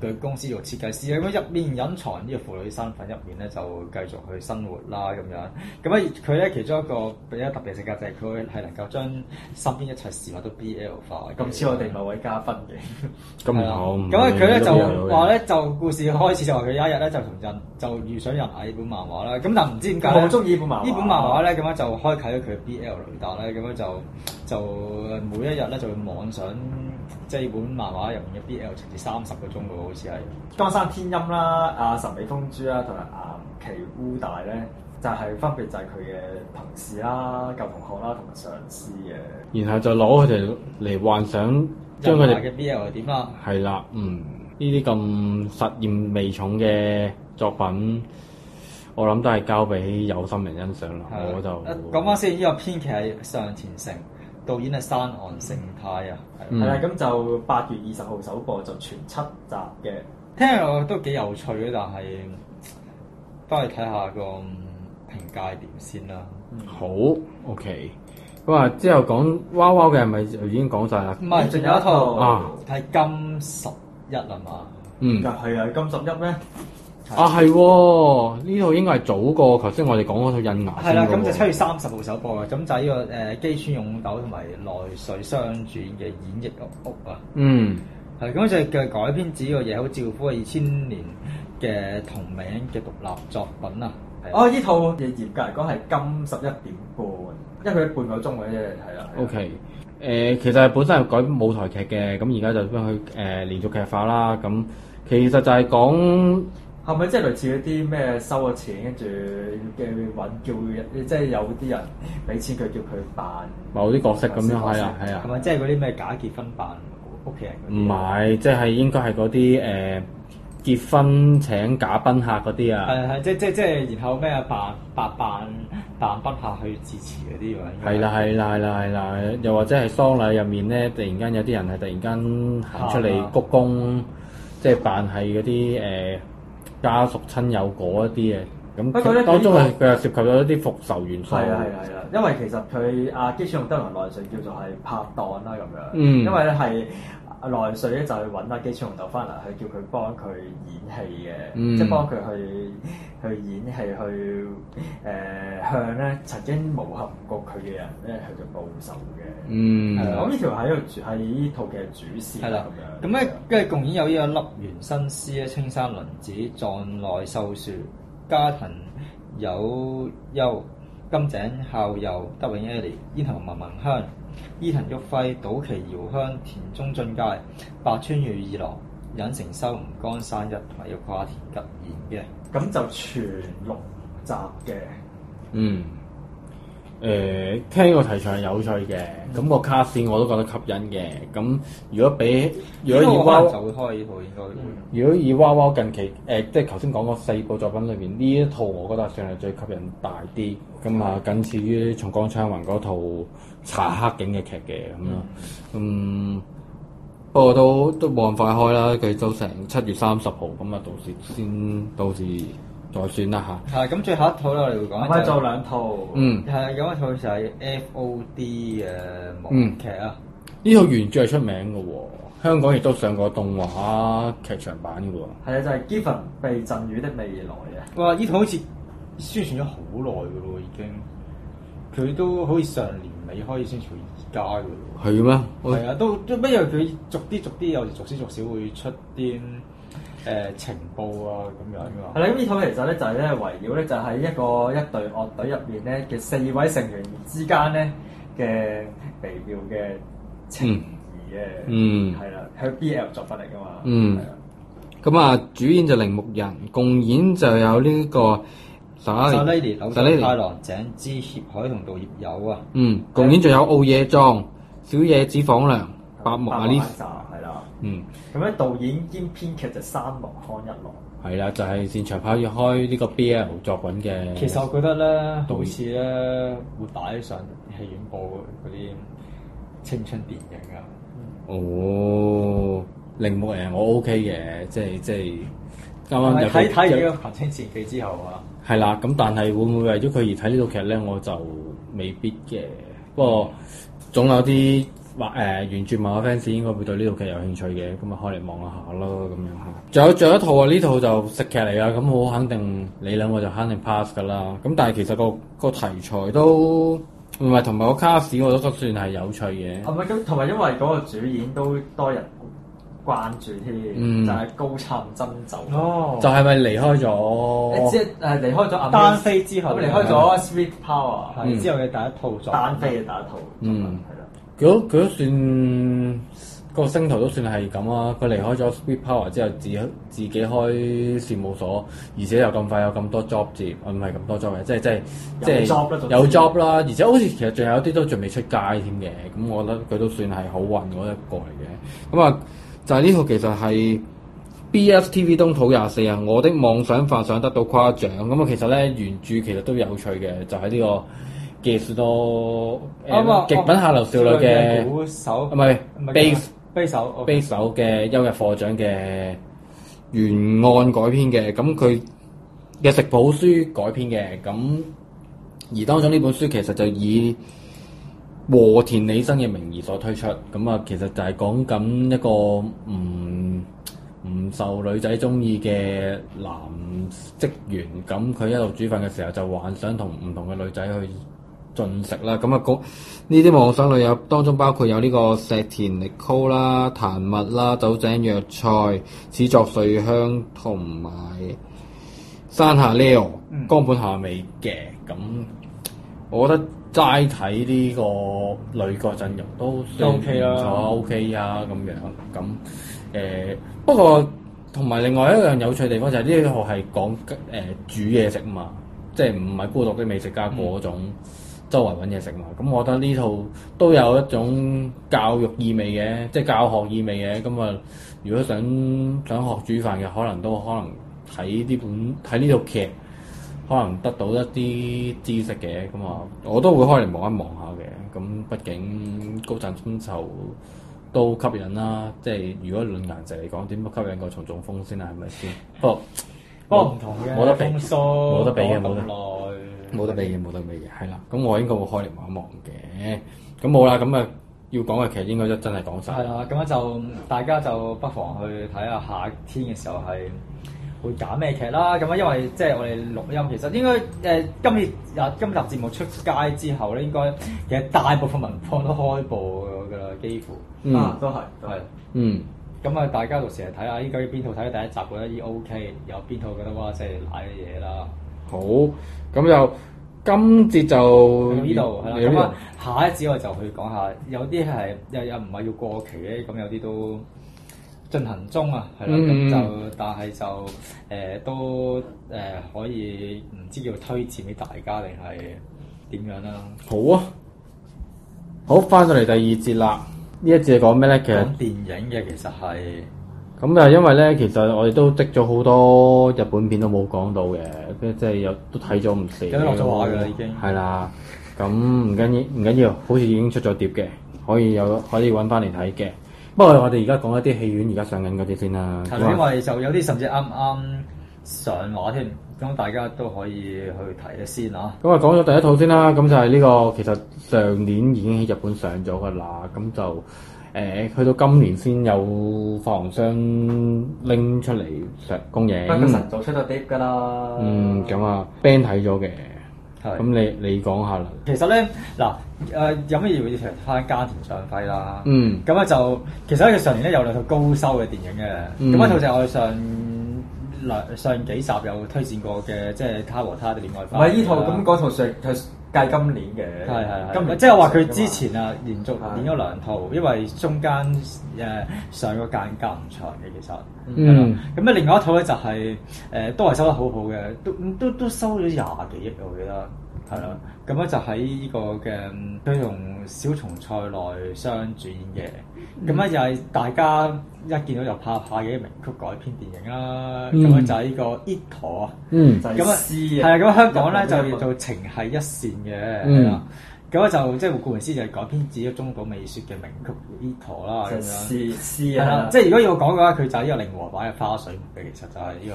[SPEAKER 1] 對公司做設計師咁樣，入面隱藏呢個腐女身份入面咧，就繼續去生活啦咁樣。咁、嗯、啊，佢咧其中一個比較特別性格就係佢係能夠將身邊一切事物都 BL 化。今次我哋某位加分嘅，咁好。咁啊，佢咧就話咧，有就故事開始就話佢有一日咧，就同人就遇上人睇本漫畫啦。咁但唔知點解我中意本漫畫咧，咁樣就開啟咗佢嘅 BL 雷達咧，咁樣就就，就每一日咧就會妄想即係本漫畫入面嘅 BL 甚至三,三十個鐘。好似係江山天音啦、阿神尾風珠啦，同埋岩奇烏大咧，就係、是、分別就係佢嘅同事啦、舊同學啦，同埋上司嘅。
[SPEAKER 2] 然後就攞佢哋嚟幻想將，將佢哋嘅
[SPEAKER 1] BL 係點啊？
[SPEAKER 2] 係啦，嗯，呢啲咁實驗味重嘅作品，我諗都係交俾有心人欣賞啦。的我就
[SPEAKER 1] 講翻先，呢、這個編劇係上前誠。導演係山岸盛泰啊，係啦，咁、嗯、就八月二十號首播，就全七集嘅。聽落都幾有趣嘅，但係都係睇下個評價點先啦。嗯、
[SPEAKER 2] 好，OK。咁、嗯、啊、嗯，之後講娃娃嘅係咪就已經講晒啦？唔係、嗯，仲有一套
[SPEAKER 1] 係金十一啊嘛。嗯，又係啊，金十一咩？
[SPEAKER 2] 啊，係喎、哦！呢套應該係早過頭先，我哋講嗰套《刃牙》先係啦，咁就七月
[SPEAKER 1] 三十號首播嘅，咁就呢個誒機穿擁斗同埋內水相轉嘅演繹屋屋啊。嗯，係咁就嘅改編自個野好趙夫二千年嘅同名
[SPEAKER 2] 嘅獨立作品啦。哦，呢
[SPEAKER 1] 套嘢嚴格嚟講係今十一點半，因為佢半個鐘嘅啫，係
[SPEAKER 2] 啦。O K，誒，其實本身係改舞台劇嘅，咁而家就將佢誒連續劇化啦。咁其實就係講。
[SPEAKER 1] 係咪即係類似嗰啲咩收咗錢，跟住嘅揾叫人，即係有啲人俾錢佢叫佢扮？
[SPEAKER 2] 某啲角色咁樣係啊係啊！係咪、啊、
[SPEAKER 1] 即係嗰啲咩假結婚扮屋企
[SPEAKER 2] 人？唔係，即、就、係、是、應該係嗰啲誒結婚請假賓客嗰啲啊！係
[SPEAKER 1] 係即即即係然後咩扮扮扮扮賓客去致詞嗰啲㗎？係
[SPEAKER 2] 啦係啦係啦係啦！又或者係喪禮入面咧，突然間有啲人係突然間行出嚟鞠躬，啊啊、即係扮係嗰啲誒。呃家屬親友嗰一啲嘅，咁佢當中佢又涉及咗一啲復仇元素。係啊係啊，係啊！
[SPEAKER 1] 因為其實佢啊，基於《德蘭內城》叫做係拍檔啦咁樣，嗯、因為咧係。啊！內瑞咧就去揾阿機槍紅豆翻嚟、嗯，去叫佢幫佢演戲嘅，即係幫佢去去演戲去誒向咧曾經侮辱過佢嘅人咧去做報仇嘅。
[SPEAKER 2] 嗯，我呢條喺
[SPEAKER 1] 度主係呢套嘅主線係啦咁樣。咁咧跟住，共演有呢個笠原新司咧、青山倫子、藏內秀樹、家庭有優。金井后游德永利伊力煙頭聞聞香伊藤玉輝、島崎遙香、田中俊介、白川裕二郎、隱城修吾、岡山一同埋要跨田
[SPEAKER 2] 吉彥嘅，咁就全六集嘅。嗯。誒、呃，聽個題材係有趣嘅，咁、嗯嗯、個卡線我都覺得吸引嘅。咁如果俾如果以娃娃就
[SPEAKER 1] 會開呢套，應
[SPEAKER 2] 該如果以娃娃近期誒、嗯呃，即係頭先講個四部作品裏邊呢一套，我覺得算係最吸引大啲。咁啊、嗯，僅次於從江昌雲嗰套查黑警嘅劇嘅咁樣，嗯嗯。嗯，不過都都冇咁快開啦，佢都成七月三十號咁啊、嗯，到時先到時。再算啦吓，
[SPEAKER 1] 係咁、嗯，最後一套啦，我哋會講一、就是。我做兩套。嗯。
[SPEAKER 2] 係有一套就係 FOD 嘅網劇啊。呢、嗯、套原著係出名嘅喎、哦，香港亦都上過動畫劇場版嘅喎、哦。係啊，就係、是《Given
[SPEAKER 1] 被贈與的未來》啊。哇！呢套好似宣傳咗好耐嘅咯，已經。佢都好似上年尾開始宣傳，而家嘅咯。係咩？係啊，都都咩？因為佢逐啲逐啲，有時逐少逐少會出啲。誒情報啊，
[SPEAKER 2] 咁樣㗎。係啦，咁呢套其實咧就係咧圍繞咧就
[SPEAKER 1] 係一個一隊樂隊入面咧嘅四位成員之間咧嘅微妙嘅
[SPEAKER 2] 情誼
[SPEAKER 1] 嘅，嗯，係啦，係 B L 作品嚟㗎嘛。
[SPEAKER 2] 嗯。咁啊，主演就鈴木人，共演就有呢個山田太
[SPEAKER 1] 郎、井之脇
[SPEAKER 2] 海同道葉友啊。嗯。共演仲有奧野壯、小野寺房良、白木阿笠。嗯，
[SPEAKER 1] 咁咧導演兼編劇就山木康一郎，
[SPEAKER 2] 係啦，就係擅長拍開呢個 BL 作品嘅。其實我覺得咧，導演好似咧，
[SPEAKER 1] 會擺上戲院播嗰啲青春電影啊。嗯、
[SPEAKER 2] 哦，鈴木人我 OK 嘅，即係即係啱啱睇睇呢個
[SPEAKER 1] 《群青戰記》之後啊。
[SPEAKER 2] 係啦，咁但係會唔會為咗佢而睇呢套劇咧？我就未必嘅。不過總有啲。話誒，原著迷嘅 fans 應該會對呢套劇有興趣嘅，咁咪開嚟望下咯，咁樣嚇。仲有仲有一套啊，呢套就食劇嚟㗎，咁我肯定你咧，我就肯定 pass 㗎啦。咁但係其實、那個、那個題材都唔係，同埋個卡 a s t 我覺得都算係有趣嘅。係
[SPEAKER 1] 咪咁？同埋因為嗰個主演都多人關注添，嗯、就係高杉真走。哦，就係咪離開咗？即係誒離開咗《暗飛》之後、就是，咁離開咗、嗯《Sweet Power》之
[SPEAKER 2] 後嘅第一套作。《暗飛》嘅第一套，嗯。嗯嗯佢都佢都算個星途都算係咁啊！佢離開咗 Speed Power 之後，自己自己開事務所，而且又咁快有咁多 job 接，唔係咁多 job 嘅，即係即係即係有 job 啦，有 job 啦，而且好似其實仲有啲都仲未出街添嘅。咁我覺得佢都算係好運嗰一個嚟嘅。咁啊，就係呢套其實係 BSTV 東土廿四啊！我的妄想飯想得到誇獎。咁啊，其實咧原著其實都有趣嘅，就係呢個。嘅好多誒《嗯啊、極品下流少女》嘅、啊，唔係悲悲首悲首嘅《優日課長》嘅《原案》改編嘅，咁佢嘅食譜書改編嘅，咁而當中呢本書其實就以和田理生嘅名義所推出，咁啊，其實就係講緊一個唔唔受女仔中意嘅男職員，咁佢一路煮飯嘅時候就幻想同唔同嘅女仔去，進食啦，咁啊，講呢啲網上旅遊當中包括有呢個石田力高啦、壇蜜啦、酒井若菜、始作碎香同埋山下 leo、嗯、江本夏美嘅，咁我覺得齋睇呢個女角陣容都算唔錯，OK 啊咁、嗯、樣，咁誒、呃、不過同埋另外一樣有趣地方就係呢一行係講誒、呃、煮嘢食嘛，即係唔係孤獨嘅美食家嗰、嗯、種。周圍揾嘢食嘛，咁我覺得呢套都有一種教育意味嘅，即係教學意味嘅。咁、嗯、啊，如果想想學煮飯嘅，可能都可能睇呢本睇呢套劇，可能得到一啲知識嘅。咁、嗯、啊，我都會開嚟望一望下嘅。咁、嗯、畢竟高薪薪酬都吸引啦，即係如果論顏值嚟講，點會吸引過重重風先啊？係咪先？哦、不過沒不過唔同嘅，冇得比，冇收得比嘅，冇得。冇得比嘅，冇的得比嘅，係啦。咁我應該會開嚟望一望嘅。咁冇啦。咁啊，要講嘅劇應該都真係講晒。係啦。
[SPEAKER 1] 咁樣就大家就不妨去睇下夏天嘅時候係會揀咩劇啦。咁啊，因為即係、就是、我哋錄音，其實應該誒、呃、今次啊今集節目出街之後咧，應該其實大部分民放都開播㗎啦，幾乎。嗯，都係，都係。嗯。咁啊、嗯，大家就成日睇下應該邊套睇第一集覺得咦 OK，有邊套覺得哇真係瀨嘅嘢啦。
[SPEAKER 2] 好，咁就今節就到呢度係啦。
[SPEAKER 1] 咁啊，下一節我就去講下，有啲係又又唔係要過期嘅，咁有啲都進行中啊，係啦。咁、嗯、就但係就誒、呃、都誒、呃、可以唔知要推薦俾大家定係點樣啦。
[SPEAKER 2] 好啊，好翻上嚟第二節啦。呢一節講咩咧？講
[SPEAKER 1] 電影嘅，其實係。
[SPEAKER 2] 咁就、嗯、因為咧，其實我哋都積咗好多日本片都冇講到嘅，即係有都睇咗唔少。有啲落咗畫㗎啦，了已經。係啦，咁唔緊要，唔緊要，好似已經出咗碟嘅，可以有，可以揾翻嚟睇嘅。不過我哋而家講一啲戲院而家上緊嗰啲先啦。係昨天 吧因
[SPEAKER 1] 為就有啲甚至啱啱上畫添，咁大家都可以去睇一先啊。咁
[SPEAKER 2] 啊、嗯，講、嗯、咗、嗯、第一套先啦，咁就係呢、呢個其實上年已經喺日本上咗㗎啦，咁就。誒，去到今年先有發行商拎出嚟嘅公映。不
[SPEAKER 1] 過神早出咗碟
[SPEAKER 2] 㗎啦。嗯，咁啊，Ben 睇咗嘅。係。咁是 你你講下啦。
[SPEAKER 1] 其實咧，嗱，誒、呃、有咩要提翻家庭上費啦。嗯。咁啊就，其實佢上年咧有兩套高收嘅電影嘅。咁、嗯、一套就係我上兩上幾集有推薦過嘅，即係《他和她》的戀愛。唔係依套，咁嗰套就計今年嘅，今年即係話佢之前啊，連續演咗兩套，的因為中間誒、呃、上個間隔唔長嘅其實，咁咧、嗯、另外一套咧就係、是、誒、呃、都係收得好好嘅，都都都收咗廿幾億我記得，係啦，咁咧的就喺呢個嘅都用小松菜奈相主演嘅。嗯咁咧就係大家一見到就怕怕嘅啲名曲改編電影啦，咁咧、嗯、就係呢、呢個《Ito》啊，咁啊，係啊，咁香港咧個就叫做情繫一線嘅，係啦、嗯。咁我就即係顧名思義就係改編自咗《中島美雪》嘅名曲《ito》啦，咁樣。是是，是啊，即係如果要講嘅話，佢就係呢個令和版嘅花水木，其實就係呢個。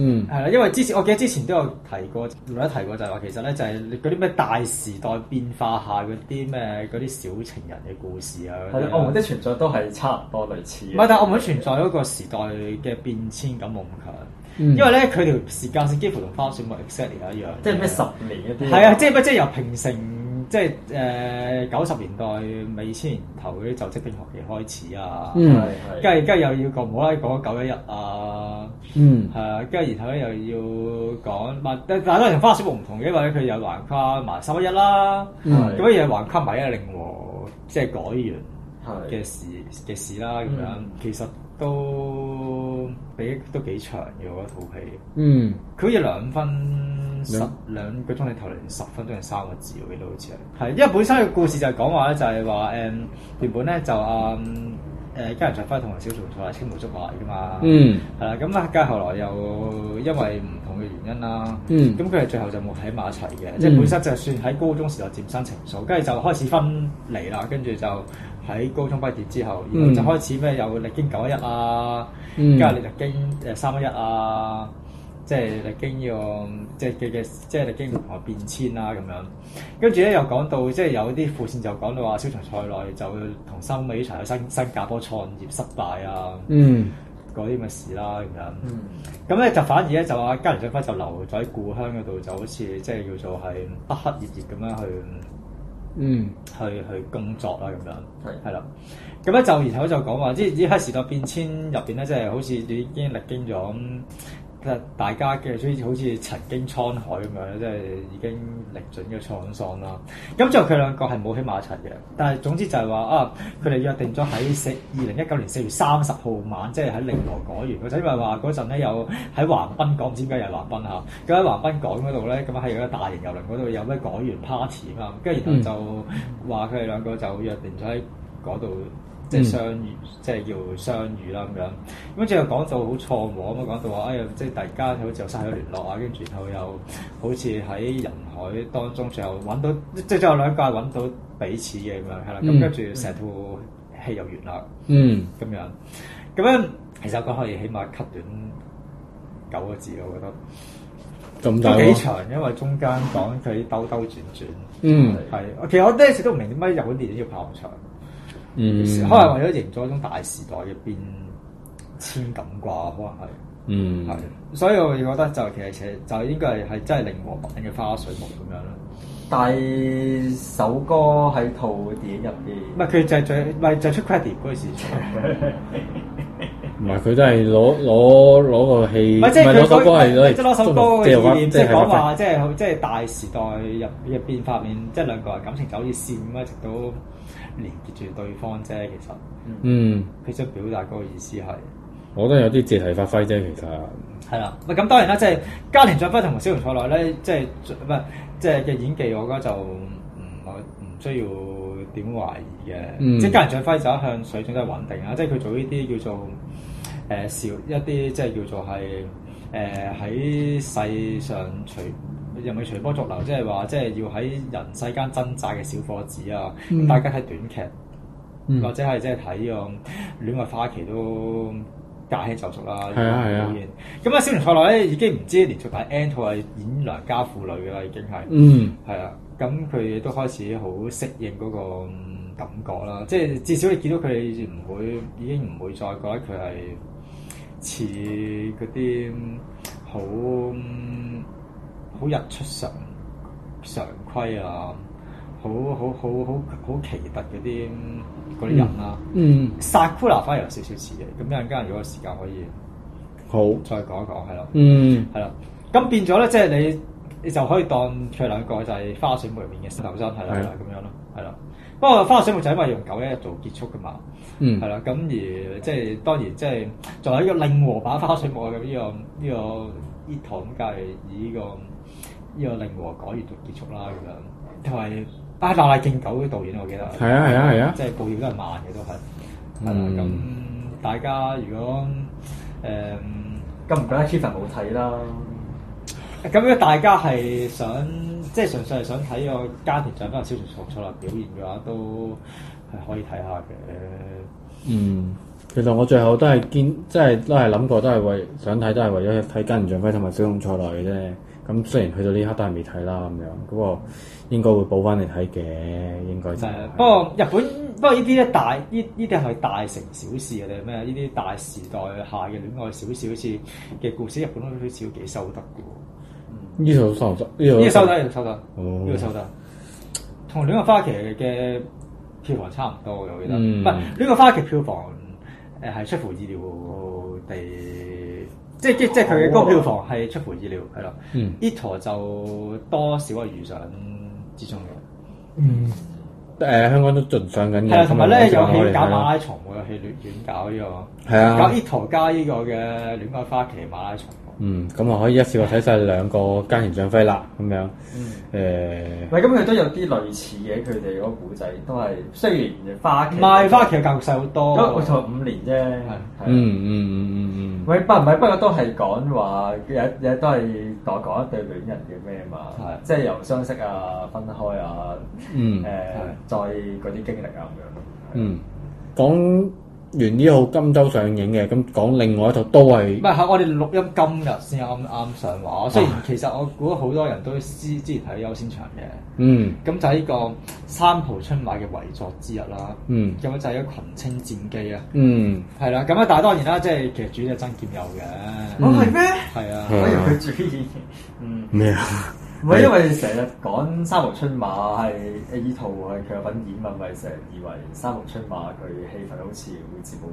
[SPEAKER 1] 嗯。係啦，因為之前我記得之前都有提過，有一提過就係話其實咧就係嗰啲咩大時代變化下嗰啲咩嗰啲小情人嘅故事啊。係啊，我們啲存在都係差唔多類似。唔係，但係我們存在嗰個時代嘅變遷感冇咁強。嗯、因為咧，佢條時間線幾乎同花水木 exactly 一樣。即係咩十年一啲。係啊，即係即係由平成。即係誒九十年代、二千年頭嗰啲就職兵學期開始，嗯、啊，跟住而家又要講唔好啦，講九一一啊，係啊，跟住、嗯、然後咧又要講，但但都同花水木唔同，因為佢又橫跨埋三一一啦，咁又橫跨埋一令和即係改元嘅事。嘅事啦，咁、嗯、樣其實都比都幾長嘅嗰套戲，
[SPEAKER 2] 嗯，
[SPEAKER 1] 佢有兩分。嗯十兩個鐘你頭嚟十分鐘係三個字，我記得好似係。係，因為本身嘅故事就係講話咧，就係話誒原本咧就阿誒、呃、菅田將暉同埋小松菜奈青梅竹馬㗎嘛嗯。嗯。係啦，咁菅田後來又因為唔同嘅原因啦。嗯。咁佢哋最後就冇喺埋一齊嘅，嗯、即係本身就算喺高中時候漸生情愫，跟住就開始分離啦。跟住就喺高中畢業之後，然後就開始咩有歷經九一一啊，跟住歷歷經誒三一一啊。即係歷經呢、這個即係嘅嘅，即係歷經、這個、歷經同何變遷啦咁樣。跟住咧又講到，即係有啲副線就講到話，小陳蔡內就同收尾啲財喺新新加坡創業失敗啊，嗯，嗰啲咁嘅事啦咁樣。咁咧、嗯、就反而咧就話，嘉倫俊輝就留咗喺故鄉嗰度，就好似即係叫做係不屈熱熱咁樣去，嗯，去去工作啦、啊、咁樣。係係啦。咁咧的就然後就講話，即係呢一刻時代變遷入邊咧，即係好似已經歷經咗。其實大家嘅所好似曾經滄海咁樣咧，即係已經歷盡咗滄桑啦。咁之後佢兩個係冇起碼一齊嘅，但係總之就係話啊，佢哋約定咗喺四二零一九年四月三十號晚，即係喺令和改元，就因為話嗰陣咧有喺橫濱港，唔知點解橫濱嚇，咁喺橫濱港嗰度咧，咁喺嗰個大型遊輪嗰度有咩改元 party 啊嘛，跟住然後就話佢哋兩個就約定咗喺嗰度。即係相遇，嗯、即係要相遇啦咁樣。咁即係講到好錯誤咁樣，講到話，哎呀，即係大家好似又晒咗聯絡啊。跟住，然後又好似喺人海當中，最後揾到，即係最後兩個揾到彼此嘅咁樣。係啦，咁跟住成套戲又完啦。嗯，咁樣咁樣，其實佢可以起碼 cut 短九個字，我覺得。
[SPEAKER 2] 咁就幾長，
[SPEAKER 1] 因為中間講佢兜兜轉轉。嗯，係。其實我第一次都唔明點解日影要拍咁長。嗯，可能為咗營造一種大時代嘅變遷感啩，可能係，嗯係，所以我又覺得就其實就就應該係係真係令和版嘅花水木咁樣啦。但首歌喺套電影入邊，唔係佢就係最唔係就出 credit 嗰時，唔
[SPEAKER 2] 係佢都係攞攞攞個戲，唔係攞首歌係即係攞首歌嘅意念即係講話，
[SPEAKER 1] 即係即係大時代入入變化面，即係兩個人感情就好似線咁啊，直到。連結住對方啫，其實。嗯。佢想表達嗰個意思係，
[SPEAKER 2] 我覺得有啲借題發揮啫，其實。
[SPEAKER 1] 係啦，咁當然啦，即、就、係、是、菅田將暉同埋小松菜奈咧，即係唔係即係嘅演技，我覺得就唔我唔需要點懷疑嘅。即係、嗯、菅田將暉就一向水準都係穩定啊，即係佢做呢啲叫做誒少、呃、一啲，即係叫做係誒喺世上除。又咪係隨波逐流，即係話，即係要喺人世間掙扎嘅小伙子啊！嗯、大家睇短劇，嗯、或者係即係睇《戀愛花期》都駕輕就熟啦。係、嗯、啊！咁啊，小龍託落咧已經唔知連出帶演良家婦女噶啦，已經係嗯係啊！咁佢都開始好適應嗰個感覺啦。即係至少你見到佢唔會，已經唔會再覺得佢係似嗰啲好。好日出常常規啊！好好好好好奇特嗰啲嗰啲人啦。嗯，沙庫拉反而有少少似嘅，咁兩家人如果有時間可以好再講一講，係咯好。嗯的，係啦。咁變咗咧，即係你你就可以當佢兩個就係花水木入面嘅頭身，係啦係啦咁樣咯，係啦。不過花水木就因為用九咧做結束㗎嘛。嗯，係啦。咁而即係當然即係仲有一個令和版花水木嘅呢個呢個呢套，梗係以呢個。這個這個這個這個呢個《令和改》完就結束啦，咁樣同埋《巴伐利亞經九》嘅導演，我記得。係啊係啊係啊！即係步調都係慢嘅，都係。嗯。咁大家如果誒，咁唔怪得 Kevin 冇睇啦。咁樣大家係想，即係純粹係想睇個家庭獎杯同埋小熊賽來表現嘅話，都係可以睇下嘅。
[SPEAKER 2] 嗯，其實我最後都係堅，即係都係諗過，都係為想睇，都係為咗睇家庭獎杯同埋小熊賽來嘅啫。咁雖然去到呢刻都係未睇啦咁樣，不過應該會補翻嚟睇嘅，應該就係、係。
[SPEAKER 1] 不過日本不過呢啲咧大，呢呢啲係大城小事定係咩？呢啲大時代下嘅戀愛小、小事，嘅故事，日本都少幾收得嘅喎。
[SPEAKER 2] 呢度收、收、收得，呢度呢收得收得，呢個收
[SPEAKER 1] 得，同戀愛花期嘅票房差唔多，我記得。唔係、嗯、戀愛花期票房，誒、呃、係出乎意料地。即係即即係佢嘅高票房係出乎意料，係咯。e、嗯、t 就多少係預想之中嘅。嗯，
[SPEAKER 2] 誒、呃、香港都盡上緊嘅，同埋咧有戲搞馬拉
[SPEAKER 1] 松，冇有戲亂亂搞呢個係啊，搞 e t 加呢個嘅戀愛花旗馬拉松。
[SPEAKER 2] 嗯，咁啊可以一次過睇晒兩個家庭掌飛啦，咁樣，誒，唔
[SPEAKER 1] 係，咁佢都有啲類似嘅，佢哋嗰個故仔都係雖然花期，唔係花期，佢教育細
[SPEAKER 2] 好多，我做五
[SPEAKER 1] 年啫，嗯嗯嗯嗯嗯，喂，不唔係，不過都係講話有有都係代講一對戀人嘅咩嘛，係，即係由相識啊、分開啊，誒，再嗰啲經歷啊咁樣，
[SPEAKER 2] 講完呢套今周上映嘅，咁講另外一套都係唔係
[SPEAKER 1] 嚇？我哋錄音今日先啱啱上畫，雖然其實我估好多人都之之前睇優先場嘅。嗯。咁就係呢個三浦春馬嘅遺作之一啦。嗯。咁啊就係《群青戰記》啊。嗯。係啦，咁啊，但係當然啦，即係劇主就真劍佑嘅。哦，係咩？係啊，我以佢主演。嗯。咩啊？唔係是因為成日講《三浦春馬一》，係誒依套係劇品演啊，咪成日以為《三浦春馬》佢戲份好似會接好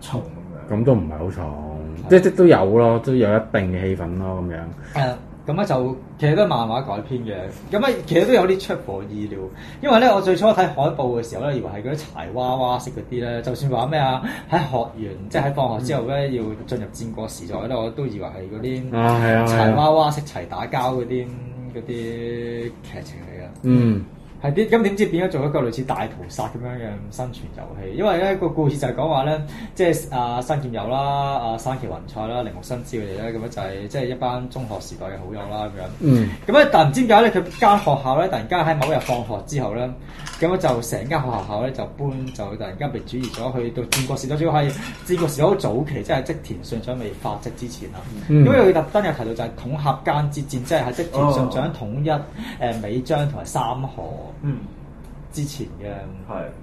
[SPEAKER 2] 重咁樣。咁都唔係好重，是的 即即都有咯，都有一定嘅戲份咯，咁樣。Um, 咁咧就其實都係漫畫改編嘅，咁咧其實都有啲出
[SPEAKER 1] 乎意料，因為咧我最初睇海報嘅時候咧，以為係嗰啲柴娃娃式嗰啲咧，就算話咩啊，喺學園即係喺放學之後咧、嗯、要進入戰國時代咧，我都以為係嗰啲啊係啊柴娃娃式齊打交嗰啲啲劇情嚟嘅。嗯。係啲咁點知變咗做一個類似大屠殺咁樣嘅生存遊戲？因為咧個故事就係講話咧，即係阿山劍遊啦、阿山崎雲菜啦、鈴木新之佢哋咧，咁樣就係即係一班中學時代嘅好友啦咁樣。嗯。咁咧、嗯嗯、但唔知點解咧，佢間學校咧突然間喺某一日放學之後咧，咁樣就成間學校咧就搬，就突然間被轉移咗去到戰國時代。主要係戰國時好早期，即係織田信長未發跡之前啦、啊。嗯。因佢特登有提到就係桶狹間之戰，即係喺織田信長統一誒尾張同埋三河。嗯，之前嘅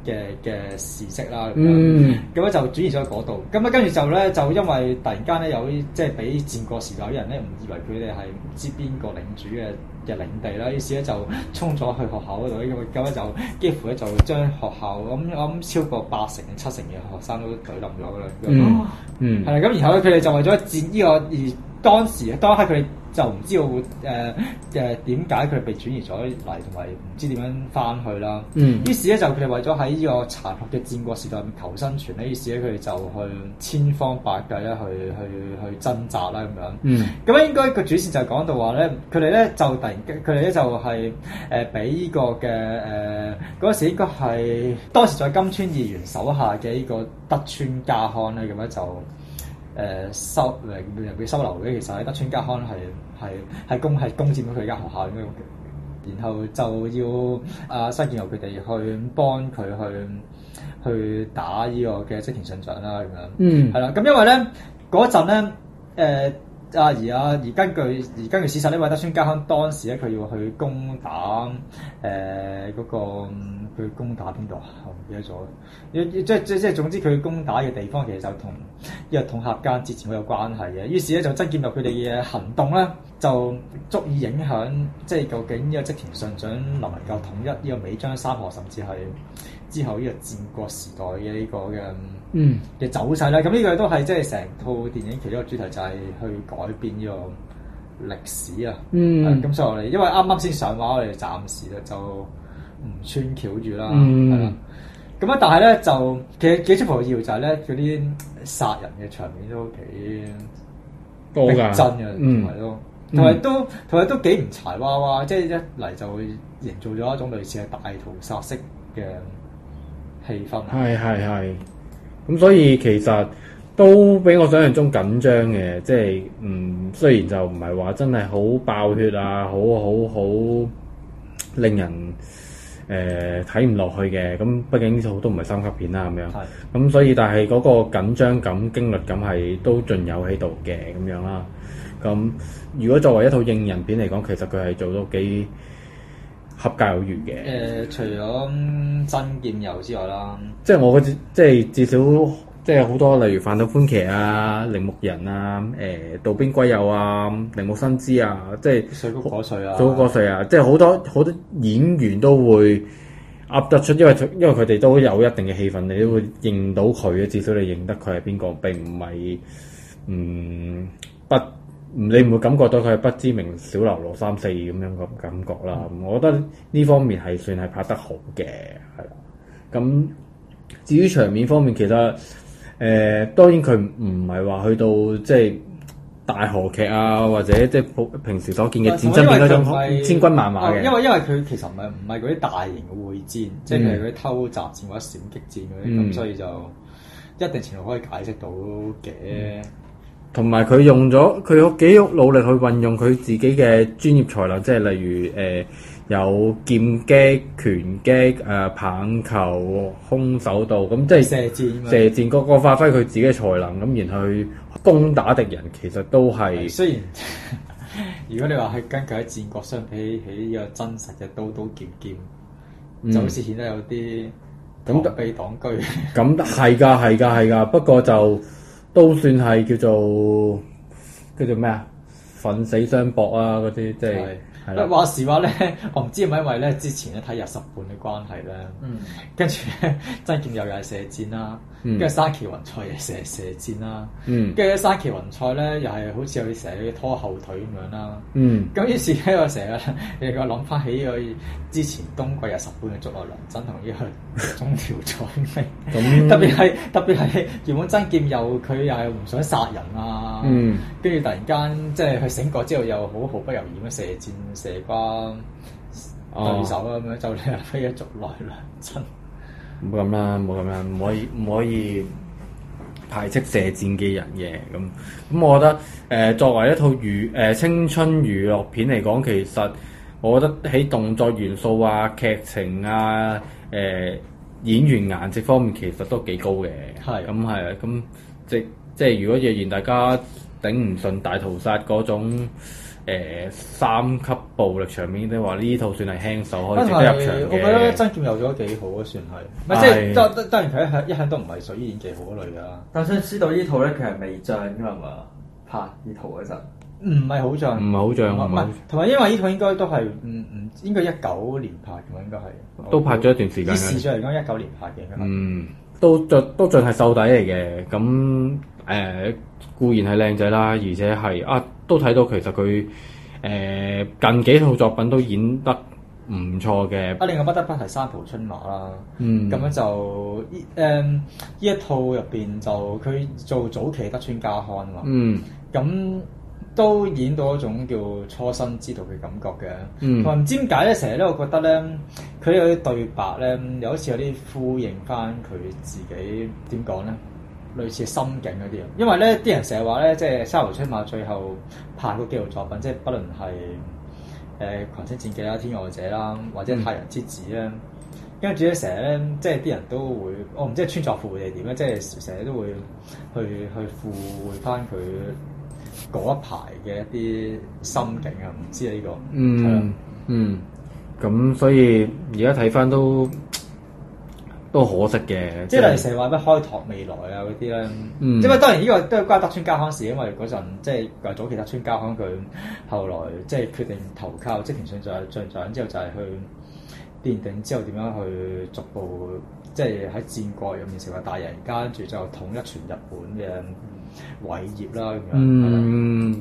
[SPEAKER 1] 嘅嘅事跡啦，咁樣就轉移咗喺嗰度。咁啊，跟住就咧，就因為突然間咧，有啲即係俾戰國時代啲人咧，唔以為佢哋係唔知邊個領主嘅嘅領地啦，於是咧就衝咗去學校嗰度，因咁咧就幾乎咧就將學校咁我諗超過八成、七成嘅學生都舉冧咗噶啦。嗯，係啦咁，然後咧佢哋就為咗佔呢個而。當時啊，當刻佢哋就唔知道誒誒點解佢哋被轉移咗嚟，同埋唔知點樣翻去啦。嗯、於是咧就佢哋為咗喺呢個殘酷嘅戰國時代求生存咧，於是咧佢哋就去千方百計咧去去去，去掙扎啦咁樣。咁咧、嗯、應該個主線就講到話咧，佢哋咧就突然佢哋咧就係誒俾依個嘅誒嗰時應該係當時在今川義元手下嘅呢個德川家康咧，咁樣就。誒、呃、收誒人收留嘅，其實喺德川家康係係係供係供錢俾佢間學校咁樣，然後就要啊新見由佢哋去幫佢去去打呢、這個嘅織田信長啦咁樣，嗯，係啦，咁因為咧嗰陣咧誒。啊！而啊！而根據而根據事實呢位德川家康當時咧，佢要去攻打誒嗰、呃那個，去攻打邊度啊？我唔記得咗。要要即即即，即總之，佢攻打嘅地方其實就同呢個同客間節前有關係嘅。於是咧，就真陷入佢哋嘅行動咧，就足以影響即係究竟呢個織田信長能能否統一呢個尾張三河，甚至係之後呢個戰國時代嘅呢、這個嘅。嗯嗯嘅走勢啦，咁呢個都係即係成套電影其中一個主題，就係去改變呢個歷史啊。嗯，嗯，咁所以我哋因為啱啱先上畫，我哋暫時咧就唔穿橋住啦，係啦。咁、嗯、啊，但係咧就其實幾出乎意料，就係咧嗰啲殺人嘅場面都幾多真嘅，唔係咯的，同埋都同埋、嗯、都幾唔柴娃娃，即係一嚟就會營造咗一種類似係大屠殺式嘅
[SPEAKER 2] 氣氛。係係係。的咁、嗯、所以其實都比我想像中緊張嘅，即係嗯，雖然就唔係話真係好爆血啊，好好好令人誒睇唔落去嘅。咁、嗯、畢竟呢套都唔係三級片啦、啊，咁樣。咁是、嗯、所以但係嗰個緊張感、驚慄感係都盡有喺度嘅，咁樣啦。咁、嗯、如果作為一套應人片嚟講，其實佢係做到幾合格有餘嘅，誒、
[SPEAKER 1] 呃，除咗真劍佑之外啦，
[SPEAKER 2] 即係我覺得，即係至少，即係好多，例如《飯桶歡騎》啊，《鈴木仁》啊，誒，《道枝駿佑》啊，《鈴木伸之》啊，即係水谷果果碎啊，水谷果果碎啊，的即係好多好多演員都會噏得出，因為因為佢哋都有一定嘅戲份，你都會認到佢嘅，至少你認得佢係邊個，並唔係唔不。你唔會感覺到佢係不知名小流羅三四咁樣嘅感覺啦。嗯、我覺得呢方面係算係拍得好嘅，係啦。咁至於場面方面，其實誒、呃、當然佢唔係話去到，呃去到，呃、去到即係大河劇啊，或者即係平時所見嘅戰爭嗰種千軍萬馬嘅。因
[SPEAKER 1] 為因為佢其實唔係唔係嗰啲大型嘅會戰，即係嗰啲偷襲戰或者閃擊戰嗰啲，咁、嗯、所以就一定程度可以解釋到嘅。嗯
[SPEAKER 2] 同埋佢用咗佢好極力努力去運用佢自己嘅專業才能，即係例如誒有劍擊、拳擊戰、誒棒球、空手道，咁即係射箭、射箭，個個發揮佢自己嘅才能，咁然後去攻打敵人，其實都係雖然
[SPEAKER 1] 如果你話係根據喺戰國相比起起有、這個、真實嘅刀刀劍劍，
[SPEAKER 2] 嗯、就好似
[SPEAKER 1] 顯得有啲擋臂擋居。
[SPEAKER 2] 咁係噶係噶係噶，不過就。都算係叫做叫做咩啊？粉死相搏啊！嗰啲即係，是是的 話時
[SPEAKER 1] 話咧，我唔知係咪因為咧之前咧睇日十半嘅關係咧，嗯、跟住咧真係見又又係射箭啦、啊。跟住沙奇雲菜又成日射箭啦、啊，跟住沙奇雲菜咧又係好似佢成日拖後腿咁樣啦、啊。咁、嗯、於是咧我成日，你講諗翻起佢之前冬季又十倍嘅竹內涼真同依個中條賽咩 (laughs) 是、嗯？特別係特別係原本真劍又佢又係唔想殺人啊，跟住、嗯、突然間即係佢醒覺之後又好毫不猶豫咁射箭射翻對手咁樣，啊、就兩飛咗竹內涼真。
[SPEAKER 2] 唔好咁啦，唔好咁啦，唔可以唔可以排斥射箭嘅人嘅咁。咁我覺得誒、呃、作為一套娛誒、呃、青春娛樂片嚟講，其實我覺得喺動作元素啊、劇情啊、誒、呃、演員顏值方面，其實都幾高嘅。係嘅。咁係啊，咁即即係如果若然大家頂唔順大屠殺嗰種。誒三級暴力場面都話呢套算係輕手可以值得入場嘅。真我覺得真劍佑做
[SPEAKER 1] 得幾好啊，算係是。唔即係得得得，對然睇睇一,一向都唔係屬於演技好嗰類啊。但想知道套呢套咧，佢係未將㗎係嘛？拍呢套嗰陣
[SPEAKER 2] 唔係好像，唔係好像，唔係不。
[SPEAKER 1] 同埋不不因為呢套應該都係唔唔應該一九年拍嘅，應該係。都拍咗一段時間。以時嚟講，一九年拍嘅。
[SPEAKER 2] 嗯，都盡都盡係瘦底嚟嘅，咁。誒、呃、固然係靚仔啦，而且係啊，都睇到其實佢誒、呃、近幾套作品都演得唔錯嘅。啊，
[SPEAKER 1] 另外不得不提《三浦春馬》啦、嗯，咁樣就誒呢、嗯、一套入邊就佢做早期德川家康啊嘛，咁、嗯、都演到一種叫初生之犢嘅感覺嘅。唔、嗯、知點解咧，成日咧，我覺得咧，佢有啲對白咧，有好似有啲呼應翻佢自己點講咧？類似心境嗰啲啊，因為咧，啲人成日話咧，即係三浦春馬，最後拍嗰幾套作品，即係不論係誒《群青戰記》啦，《天外者》啦，或者《太陽之子》咧、嗯，跟住咧，成日咧，即係啲人都會，我唔知係穿鑿附會定點咧，即係成日都會去去附會翻佢嗰一排嘅一啲心境啊，唔知啊呢、這個，嗯
[SPEAKER 2] 嗯，咁了、嗯嗯、所以而家睇翻都。都可惜嘅，即係成日
[SPEAKER 1] 話咩開拓未來啊嗰啲咧，因為、嗯、當然呢個都係關德村家康事，因為嗰陣即係早期他村家康佢後來即係決定投靠即田信長，信長之後就係去奠定之後點樣去逐步即係喺戰國入面成為大人，跟住就
[SPEAKER 2] 統一全日本嘅偉業啦咁樣。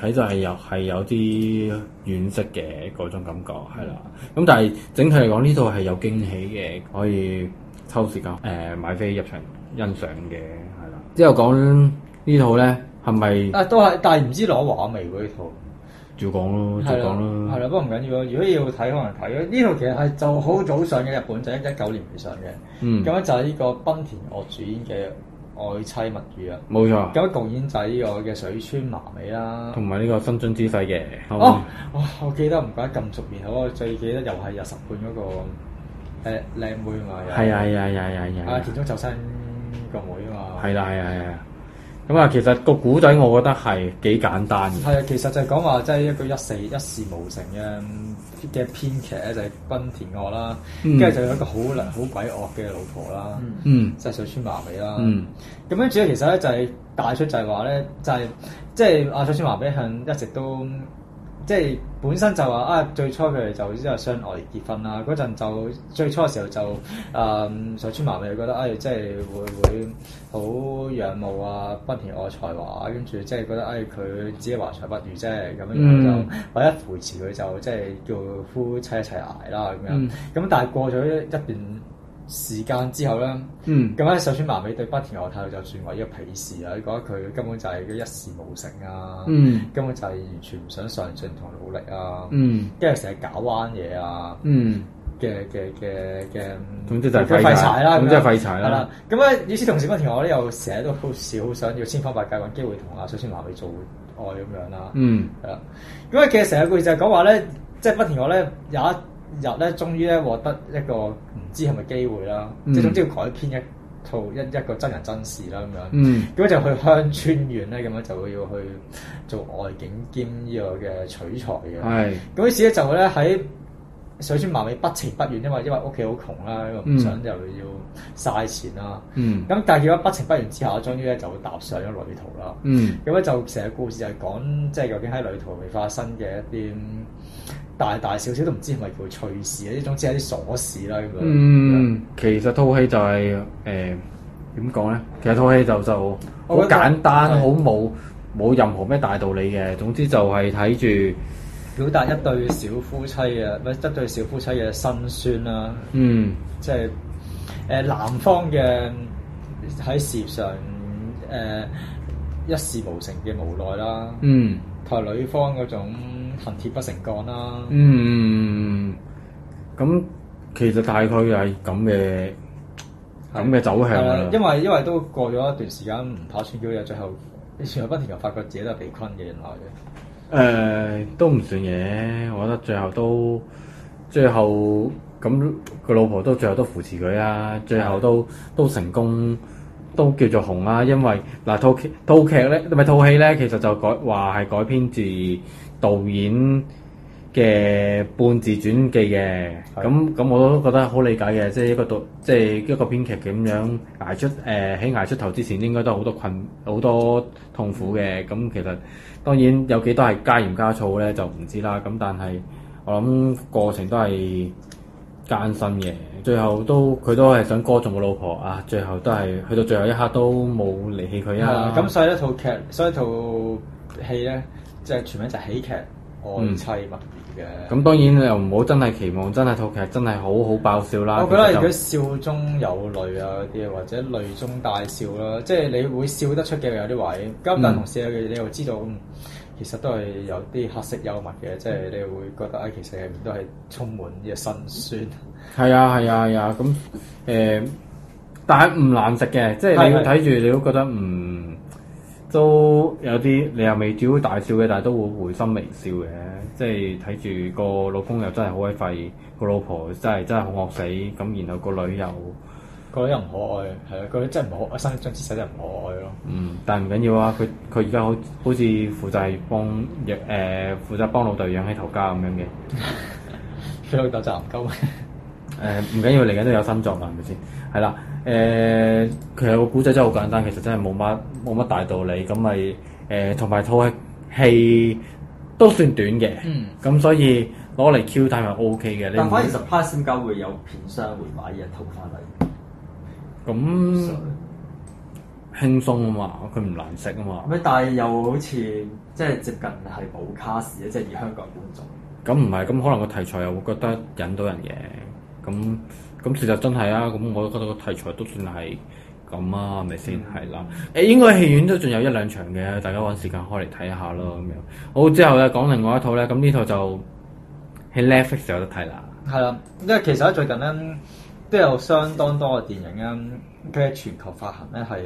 [SPEAKER 2] 睇就係又係有啲惋惜嘅嗰種感覺，係啦。咁但係整體嚟講，呢套係有驚喜嘅，可以抽時間誒、呃、買飛入場欣賞嘅，係啦。之後講呢套咧係咪？是
[SPEAKER 1] 是啊，都係，但係唔知攞畫未嗰
[SPEAKER 2] 套。照講咯，照講咯。係啦，不過
[SPEAKER 1] 唔緊要咯。如果要睇，可能睇。呢套其實係就好早上嘅日本仔，一九年嚟上嘅。嗯。咁樣就係呢個濱田岳主演嘅。愛妻物語啊，冇錯。咁啊，導演仔我嘅水村麻美啦，同
[SPEAKER 2] 埋呢個新津知惠嘅。哦，
[SPEAKER 1] 哇，我記得唔怪得咁熟？然後我最記得又係日十半嗰個誒靚妹啊！係啊
[SPEAKER 2] 係啊係啊係啊！阿田
[SPEAKER 1] 中秀幸個妹啊嘛。
[SPEAKER 2] 係啦係啦係啦。咁啊，其實個故仔我覺得係幾簡單嘅。係啊，其
[SPEAKER 1] 實就係講話即係一句一世一事無成嘅。嘅編劇咧就係君田岳啦，跟住、嗯、就有一個好難好鬼惡嘅老婆啦，即係、嗯、水川麻美啦，咁樣之後其實咧就係帶出就係話咧就係即係阿水川麻美向一直都。即係本身就話啊，最初佢哋就即係相愛結婚啦。嗰陣就最初嘅時候就誒，徐春苗咪就、嗯、媽媽覺得誒、哎，即係會會好仰慕啊，不嫌我嘅才華，跟住即係覺得誒，佢、哎、只係華彩不如啫。咁樣就為、嗯、一扶持佢，就即係叫夫妻一齊捱啦咁樣。咁、嗯、但係過咗一段，時間之後咧，咁阿首先麻美對不田愛態度就算為一個鄙視啊，你覺得佢根本就係一事無成啊，根本就係完全唔想上進同努力啊，跟住成日搞彎嘢啊嘅嘅嘅嘅，咁即就係廢柴啦，咁即係廢柴啦。咁啊，與此同時，不田愛我咧又成日都好少好想要千方百計揾機會同阿秀先麻美做愛咁樣啦。嗯，係啦。咁啊，其實成日佢就係講話咧，即係不田愛咧有一日咧，終於咧獲得一個唔知係咪機會啦，即係、嗯、總之要改編一套一一個真人真事啦咁樣。咁樣、嗯、就去鄉村院咧，咁樣就會要去做外景兼呢個嘅取材嘅。咁於是咧就咧喺水村萬尾不情不願，因為因為屋企好窮啦，因為唔想又要嘥錢啦。咁、嗯、但係如果不情不願之下，終於咧就會踏上咗旅途啦。咁樣、嗯、就成個故事就係講，即、就、係、是、究竟喺旅途未發生嘅一啲。大大小小都唔知係咪叫趣事咧，總之係啲
[SPEAKER 2] 瑣事啦咁。嗯，其實套戲就係誒點講咧？其實套戲就就好簡單，好冇冇任何咩大道理嘅。總之就係睇住
[SPEAKER 1] 表達一對小夫妻嘅一對小夫妻嘅辛酸啦。嗯，即係誒男方嘅喺事業上誒、呃、一事無成嘅無奈啦。嗯。女方嗰種恨鐵不成鋼啦。
[SPEAKER 2] 嗯，咁其實大概係咁嘅，咁嘅的走向啦，因
[SPEAKER 1] 為因為都過咗一段時間唔怕穿橋嘅，最後最後不停又發覺自己都係被困嘅原來嘅。
[SPEAKER 2] 誒、呃，都唔算嘅，我覺得最後都最後咁、那個老婆都最後都扶持佢啦、啊，最後都的都成功。都叫做紅啦、啊，因為嗱、啊、套、套劇、套劇咧，唔係套戲咧，其實就改話係改編自導演嘅半自傳記嘅。咁咁、嗯、我都覺得好理解嘅、嗯，即係一個導，即係一個編劇咁樣捱出誒，喺、呃、捱出頭之前，應該都好多困、好多痛苦嘅。咁、嗯嗯、其實當然有幾多係加鹽加醋咧，就唔知啦。咁但係我諗過程都係艱辛嘅。最後都佢都係想歌頌我老婆啊！最後都係去到最後一刻都冇離棄佢啊！咁、嗯，所
[SPEAKER 1] 以呢套劇，所以套戲咧，即係全名就係喜劇愛妻物語嘅。咁、
[SPEAKER 2] 嗯、當然你又唔好真係期望真係套劇真係好好爆笑啦。我覺得如果
[SPEAKER 1] 笑中有淚啊嗰啲，或者淚中帶笑啦、啊，即係你會笑得出嘅有啲位，咁但係同時你又知道。嗯其實都係有啲黑色幽默嘅，即係你會覺得啊，其實入面都係充滿嘅辛酸。
[SPEAKER 2] 係啊，係啊，係啊。咁誒、呃，但係唔難食嘅，即係你睇住，你都覺得唔都有啲，你又未至於大笑嘅，但係都會回心微笑嘅。即係睇住個老公又真係好鬼廢，個老婆真係真係好惡死，咁然後個女友。
[SPEAKER 1] 覺得又唔可愛，係啦，覺得真係唔可，生出張姿勢真係唔可
[SPEAKER 2] 愛咯。嗯，但係唔緊要啊，佢佢而家好好似負責幫養誒、呃、負責幫老豆養起頭家咁樣嘅，佢老豆賺唔夠咩？唔緊要，嚟緊都有新作啦，係咪先？係、呃、啦，誒有個古仔真係好簡單，其實真係冇乜冇乜大道理，咁咪誒同埋套戲都算短嘅，咁、嗯、所以攞嚟 Q 彈係 O K 嘅。OK、但 你唔而
[SPEAKER 1] surprise 點解會有片商會買呢一套翻嚟？ (noise) (noise)
[SPEAKER 2] 咁輕鬆啊嘛，佢唔難食啊嘛。
[SPEAKER 1] 咩？但係又好似即係接近係冇卡士啊，即係以香港嘅觀眾。
[SPEAKER 2] 咁唔係，咁可能個題材又會覺得引到人嘅。咁咁事實真係啊。咁我都覺得個題材都算係咁啊，係咪先？係啦、嗯。誒，應該戲院都仲有一兩場嘅，大家揾時間開嚟睇下咯。咁樣、嗯、好之後咧，講另外一套咧。咁呢套就 Netflix 就有得睇啦。係啦，因為其
[SPEAKER 1] 實喺最近咧。都有相當多嘅電影啊，跟住全球發行咧係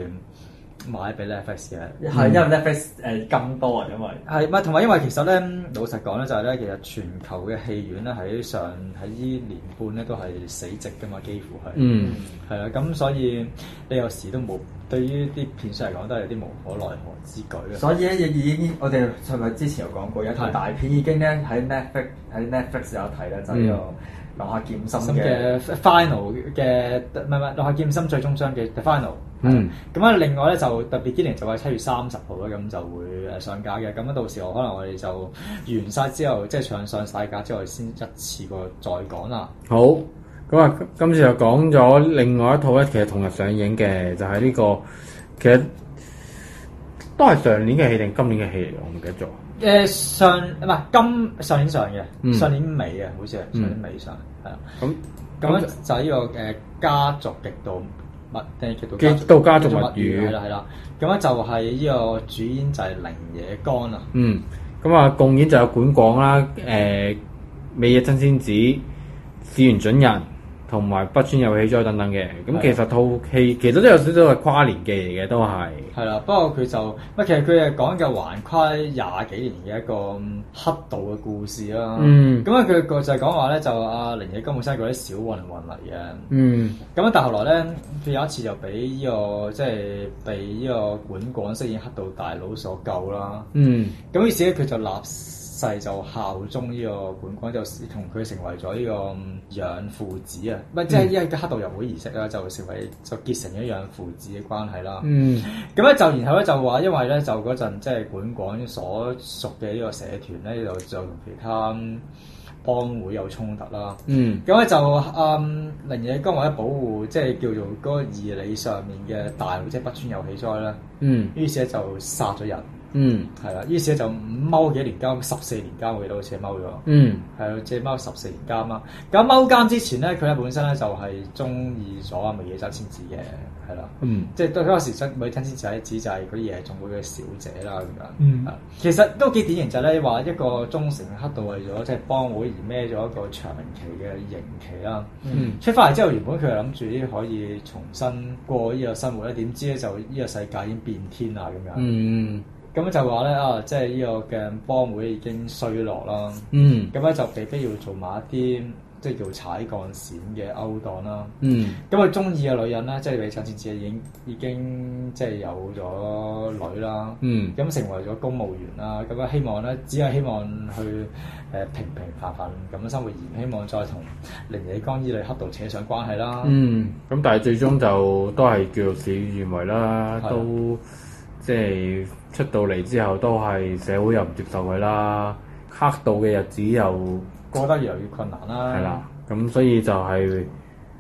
[SPEAKER 1] 買俾 Netflix 嘅，係、嗯、因為 Netflix 誒、咁、多啊，因為係咪同埋因為其實咧，老實講咧就係咧，其實全球嘅戲院咧喺上喺呢年半咧都係死寂噶嘛，幾乎係，嗯，係啊，咁所以你有時都冇，對於啲片商嚟講都係有啲無可奈何之舉啊。所以咧，亦已經，已經我哋係咪之前有講過，有套大片已經咧喺 Netflix 喺的 Netflix 有睇咧，就呢個。《浪客劍心》嘅 final 嘅，唔係唔係《浪客劍心》最終章嘅 final。嗯。咁啊，另外咧就 The Beginning 就係七月三十號啦，咁就會誒上架嘅。咁啊，到時候可能我哋就完晒之後，即係上上晒架之後，先一次過再講啦。
[SPEAKER 2] 好。咁啊，今次就講咗另外一套咧，其實同日上映嘅就係呢個，其實都係上年嘅戲定今年嘅戲，我唔記得咗。
[SPEAKER 1] 誒、呃，上唔係今上年上嘅，嗯，上年尾啊，好似係上年尾上，
[SPEAKER 2] 係啦
[SPEAKER 1] 的。咁咁咧就呢個誒家族極道物，即係極道家族物語。係啦係啦，咁咧就係呢個主演就係綾野剛啊。嗯，
[SPEAKER 2] 咁啊，共演就有舘廣啦，誒、呃，尾野真千子、市原隼人。同埋北村有起哉等等嘅，咁其實套戲其實都有少少係跨年嘅嚟嘅，都係。
[SPEAKER 1] 係啦，不過佢就乜其實佢係
[SPEAKER 2] 講嘅橫跨廿幾年嘅一
[SPEAKER 1] 個黑道嘅故事啦。嗯，咁啊佢個就係講話咧，就阿綾野金木山嗰啲小混混嚟嘅。嗯，咁啊但後來咧，佢有一次就俾呢、呢個即係俾呢個舘廣飾演黑道大佬所救啦。嗯，咁於是咧，佢就立世就效忠呢個管港，就同、是、佢成為咗呢個養父子啊！唔係、嗯、即係一啲黑道入會儀式啦，就成為就結成咗養父子嘅關係、嗯、啦嗯。嗯，咁咧就然後咧就話，因為咧就嗰陣即係管港所屬嘅呢個社團咧，就就同其他幫會有衝突啦。嗯，咁咧就嗯綾野剛為咗保護即係叫做嗰個義理上面嘅大佬，即係北村有喜災啦。嗯，於是咧就殺咗人。嗯，係啦，於是咧就踎幾年監，十四年監，我記得好似係踎咗。嗯，係囉，即係踎十四年監啦。咁踎監之前咧，佢咧本身咧就係中意咗啊梅野澤先子嘅，係啦。嗯，即係嗰陣時，真梅野澤先子就係佢夜總會嘅小姐啦咁樣。嗯，其實都幾典型就咧話一個忠誠黑道為咗即係幫會而孭咗一個長期嘅刑期啦。嗯，出翻嚟之後，原本佢係諗住可以重新過呢個生活咧，點知咧就呢個世界已經變天喇咁樣。嗯。咁 (noise) 就話咧啊，即係呢個嘅幫會已經衰落啦。嗯，咁咧就未必要做埋一啲即係做踩鋼線嘅勾當啦。嗯，咁佢中意嘅女人咧，即係李產前子已經已經即係有咗女啦。嗯，咁成為咗公務員啦。咁啊希望咧，只係希望去誒平平凡凡咁生活，而唔希望再同林野江依
[SPEAKER 2] 類黑道扯上關係啦。嗯，咁但係最終就都係叫事與願違啦，都即係。出到嚟之後，都係社會又唔接受佢啦，黑道嘅日子又過得越嚟越困難啦。係啦，咁所以就係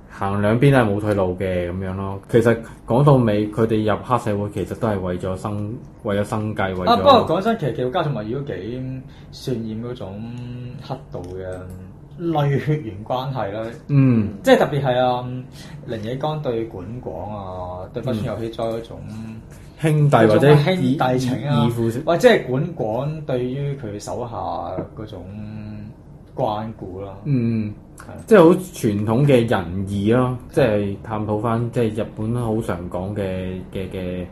[SPEAKER 2] 行兩邊都係冇退路嘅咁樣咯。其實講到尾，佢哋入黑社會其實都係為咗生，為咗生計，為咗、啊。不過
[SPEAKER 1] 講真，其實家族物語都幾渲染嗰種黑道嘅類血緣關係啦。嗯，嗯即係特別係啊，綾野剛對管廣啊，對北村有起哉嗰種、嗯。
[SPEAKER 2] 兄弟或者兄弟情啊，義父或
[SPEAKER 1] 者係管管對於佢手下嗰種關顧啦、啊。嗯，
[SPEAKER 2] 係的、啊，即係好傳統嘅仁義咯。即係探討翻，即係日本好常講嘅嘅嘅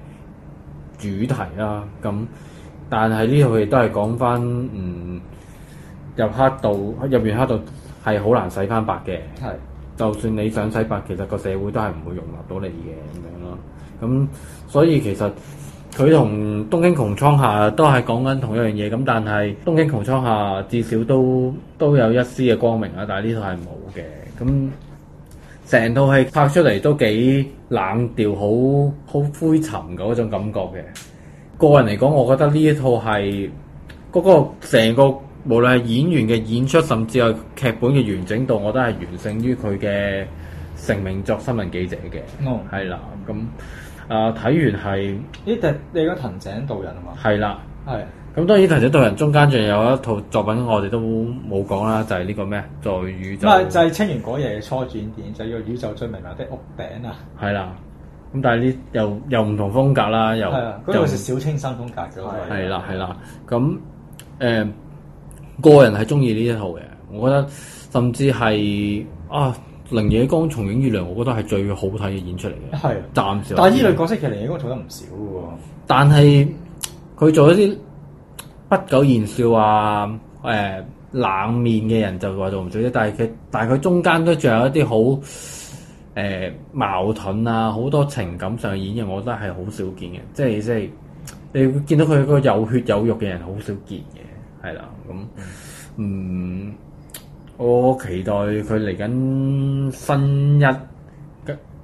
[SPEAKER 2] 主題啦、啊。咁，但係呢套戲亦都係講翻，嗯，入黑道入完黑道係好難洗翻白嘅。係的，就算你想洗白，其實個社會都係唔會容納到你嘅。咁、嗯、所以其實佢同東京穹蒼下都係講緊同一樣嘢，咁但係東京穹蒼下至少都都有一絲嘅光明啦，但係呢套係冇嘅。咁、嗯、成套戲拍出嚟都幾冷調，好好灰沉嗰種感覺嘅。個人嚟講，我覺得呢一套係嗰、那個成個無論係演員嘅演出，甚至係劇本嘅完整度，我都係完勝於佢嘅成名作《新聞記者》嘅。哦，係啦，咁、嗯。啊！睇完係，呢第你講藤井道人啊嘛？係啦的，係的。咁當然藤井道人中間仲有一套作品，我哋都冇講啦，就係、是、呢個咩？在宇宙。
[SPEAKER 1] 就係清原果耶嘅初轉點，就用、是就是、宇宙最明碼亮的屋頂啊。
[SPEAKER 2] 係啦，咁但係呢又又唔同風格啦，又。係啊的，嗰個是小
[SPEAKER 1] 清新風格嘅、那個。係
[SPEAKER 2] 啦係啦，咁誒、嗯，個人係中意呢一套嘅，我覺得甚至係啊。凌野光重映月亮，我覺得係最好睇嘅演出嚟嘅。係的，暫時。但係呢類
[SPEAKER 1] 角色其實凌野光做得唔
[SPEAKER 2] 少嘅喎。但係佢做一啲不苟言笑啊、誒、呃、冷面嘅人，就話做唔少啫。但係佢，但係佢中間都仲有一啲好誒矛盾啊，好多情感上嘅演繹，我覺得係好少見嘅。即係即係你會見到佢一個有血有肉嘅人，好少見嘅。係啦，咁嗯。我期待佢嚟緊新一，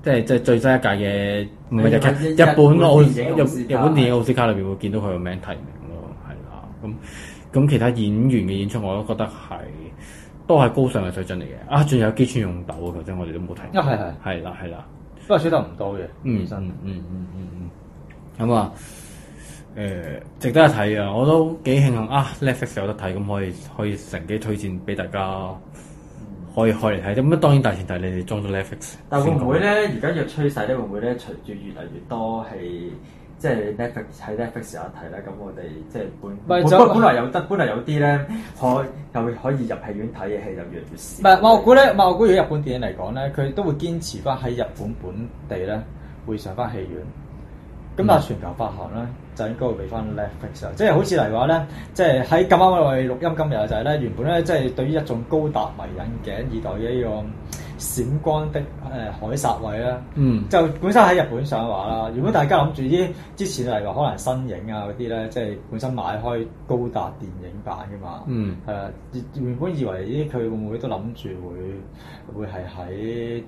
[SPEAKER 2] 即係即係最新一屆嘅，唔係就日本奧，日本電影奧斯卡裏邊會見到佢個名提名咯，係啦。咁咁其他演員嘅演出我都覺得係都係高尚嘅水準嚟嘅。啊，仲有磯村勇斗啊！頭先我哋都冇睇。啊、哦，係係。係啦係啦。都係輸得唔多嘅、嗯。嗯，真、嗯。嗯嗯嗯嗯。咁、嗯、啊。嗯嗯嗯嗯誒值得一睇啊！我都幾慶幸啊！Netflix 有得睇，咁可以可以乘機推薦俾大家，可以開嚟睇啫。咁當然大前提你哋裝咗 Netflix。但會唔會咧？
[SPEAKER 1] 而家嘅趨勢咧，會唔會咧？隨住越嚟越多係即係、就是、Netflix 喺 Netflix 有得睇咧，咁我哋即係本。唔係就，本來有得，本來有啲咧， (laughs) 可又可以入戲院睇嘅戲就越嚟越少。唔係，我估咧，我估如果日本電影嚟講咧，佢都會堅持翻喺日本本地咧，會上翻戲院。咁啊，全球發行咧，就應該會俾翻 Netflix，即係好似嚟話咧，即係喺咁啱我哋錄音今日就係咧，原本咧，即係對於一眾高達迷引頸以待嘅呢個閃光的誒、呃、哈薩威啦，嗯，就本身喺日本上畫啦，原本大家諗住啲之前嚟話可能新影啊嗰啲咧，即係本身買開高達電影版噶嘛，嗯，誒原本以為呢佢會唔會都諗住會會係喺？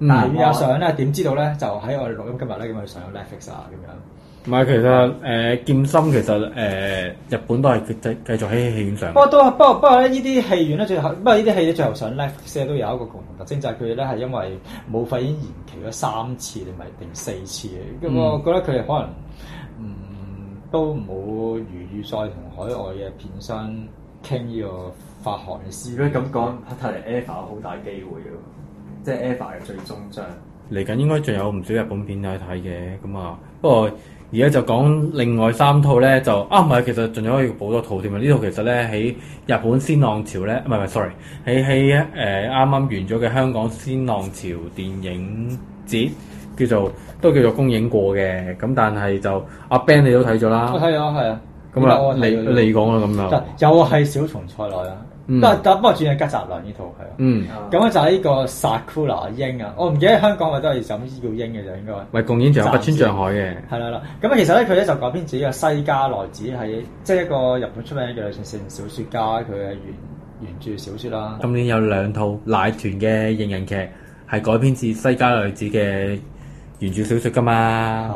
[SPEAKER 1] 但係如果上咧，點、嗯、知道咧？就喺我哋錄音今日咧咁去上 Netflix 啊，咁樣。
[SPEAKER 2] 唔係，其實誒、呃、劍心其實誒、呃、日本都係繼繼續喺戲院上不。
[SPEAKER 1] 不過都不過不過咧，依啲戲院咧最後不過呢啲戲咧最後上 Netflix 都有一個共同特徵，就係佢哋咧係因為肺炎延期咗三次，定係定四次嘅。咁、嗯、我覺得佢哋可能嗯都冇餘裕再同海外嘅片商傾呢個發行嘅事。如果咁講，睇嚟 Ever 好大機會。即係《Ever》嘅最終
[SPEAKER 2] 章。嚟緊應該仲有唔少日本片有得睇嘅，咁啊。不過而家就講另外三套咧，就啊唔係，其實仲有可以補多套添啊。呢套其實咧喺日本先浪潮咧，唔係唔係，sorry，喺喺誒啱啱完咗嘅香港先浪潮電影節，叫做都叫做公映過嘅。咁但係就阿 Ben 你都睇咗啦。我睇咗，係啊。咁啊樣，嚟你講啦，咁啊。樣又係
[SPEAKER 1] 小松菜奈啊！不、嗯，但不過轉去吉澤亮呢套係。嗯，咁啊就係呢個 Sakura 櫻啊，我唔記得香港咪都係咁叫櫻嘅就應該。喂，
[SPEAKER 2] 共演仲有北村匠海嘅。
[SPEAKER 1] 係啦啦，咁其實咧佢咧就改編自己嘅西加奈子，係即係一個日本出名嘅女性小說家，佢嘅原原著小說啦。
[SPEAKER 2] 今年有兩套奶團嘅認人劇係改編自西加奈子嘅原著小說噶嘛。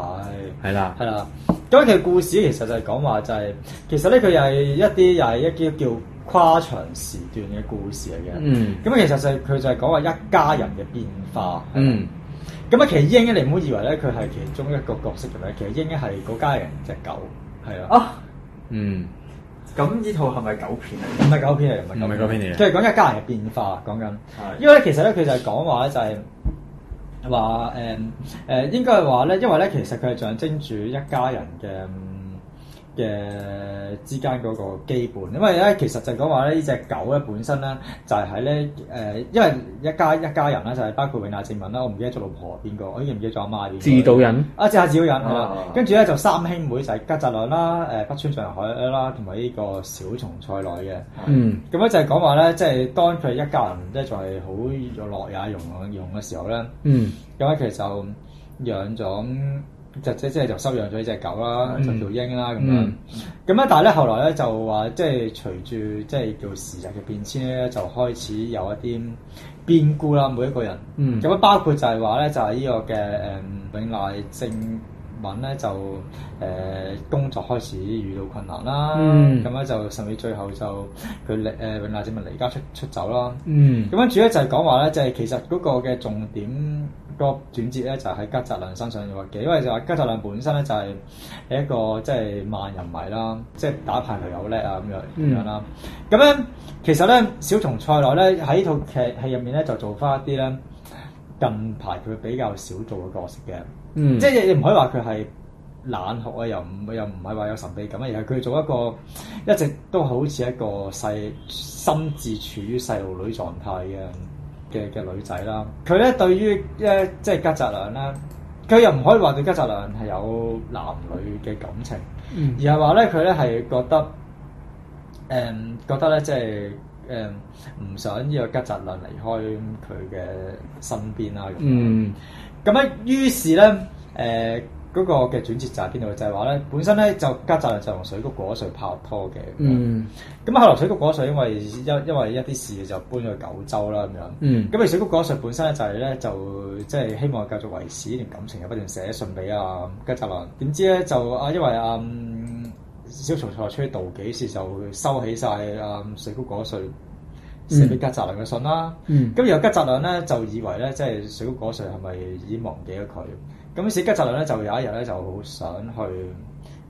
[SPEAKER 2] 係的。係啦的。
[SPEAKER 1] 係啦。咁佢故事其實就係講話就係、是，其實咧佢又係一啲又係一啲叫。跨長時段嘅故事嚟嘅，咁啊、嗯嗯，其實就佢就係講話一家人嘅變化。嗯，咁啊，其實英一你唔好以為咧，佢係其中一個角色嘅咧，其實英一係嗰家人隻狗，係啊。啊，嗯，咁呢套係咪狗片啊？唔係狗片啊，唔係唔係狗片嚟嘅。佢係講一家人嘅變化，講緊。係。因為咧，其實咧，佢就係講話咧，就係話誒誒，應該係話咧，因為咧，其實佢係象徵住一家人嘅。嘅之間嗰個基本，因為咧，其實就講話咧，呢隻狗咧本身咧就係喺咧誒，因為一家一家人咧就係包括永瀨正敏啦，我唔記得咗老婆邊個，我依家唔記得咗阿媽點。指導人，啊即係指導人係、啊、跟住咧就三兄妹就係、是、吉澤亮啦、誒北村匠海啦，同埋呢個小松菜奈嘅。嗯，咁咧、嗯、就係講話咧，即係當佢一家人即係好融樂也融融嘅時候咧，嗯，咁咧其實就養咗。就即即係就收養咗呢隻狗啦，嗯、就叫櫻啦咁、嗯、樣。咁啊，但係咧後來咧就話，即係隨住即係叫時日嘅變遷咧，就開始有一啲變故啦。每一個人，咁啊、嗯、包括就係話咧，就係、是嗯、呢個嘅誒永瀨正敏咧就誒、呃、工作開始遇到困難啦。咁咧、嗯、就甚至最後就佢離、呃、永瀨正敏離家出出走啦。咁樣、嗯嗯、主要就係講話咧，就係、是、其實嗰個嘅重點。個轉折咧就喺、是、吉澤亮身上嘅，因為就話吉澤亮本身咧就係、是、係一個即係萬人迷啦，即係打排球又好叻啊咁樣咁、嗯、樣啦。咁咧其實咧小松菜奈咧喺呢套劇戲入面咧就做翻一啲咧近排佢比較少做嘅角色嘅，嗯、
[SPEAKER 2] 即係你唔
[SPEAKER 1] 可以話佢係冷酷啊，又唔又唔係話有神秘感啊，而係佢做一個一直都好似一個細心智處於細路女狀態嘅。嘅嘅女仔啦，佢咧對於咧即係吉澤亮咧，佢又唔可以話對吉澤亮係有男女嘅感情，嗯、而係話咧佢咧係覺得，誒、嗯、覺得咧即係誒唔想呢個吉澤亮離開佢嘅身邊啦。咁。嗯，咁咧於是咧誒。呃嗰個嘅轉折就係邊度？就係話咧，本身咧就吉澤亮就同水谷果穗拍拖嘅。嗯，咁啊，後來水谷果穗因為因因為一啲事就搬咗去九州啦咁樣。嗯，咁啊，水谷果穗本身咧就係、是、咧就即係希望繼續維持呢段感情，又不斷寫信俾啊吉澤亮。點知咧就啊，因為啊、嗯，小松菜奈妒忌時就收起晒啊，嗯、水谷果穗寫俾吉澤亮嘅信啦。咁然、嗯嗯、而吉澤亮咧就以為咧，即係水谷果穗係咪已經忘記咗佢？咁呢？於是吉澤良咧就有一日咧就好想去，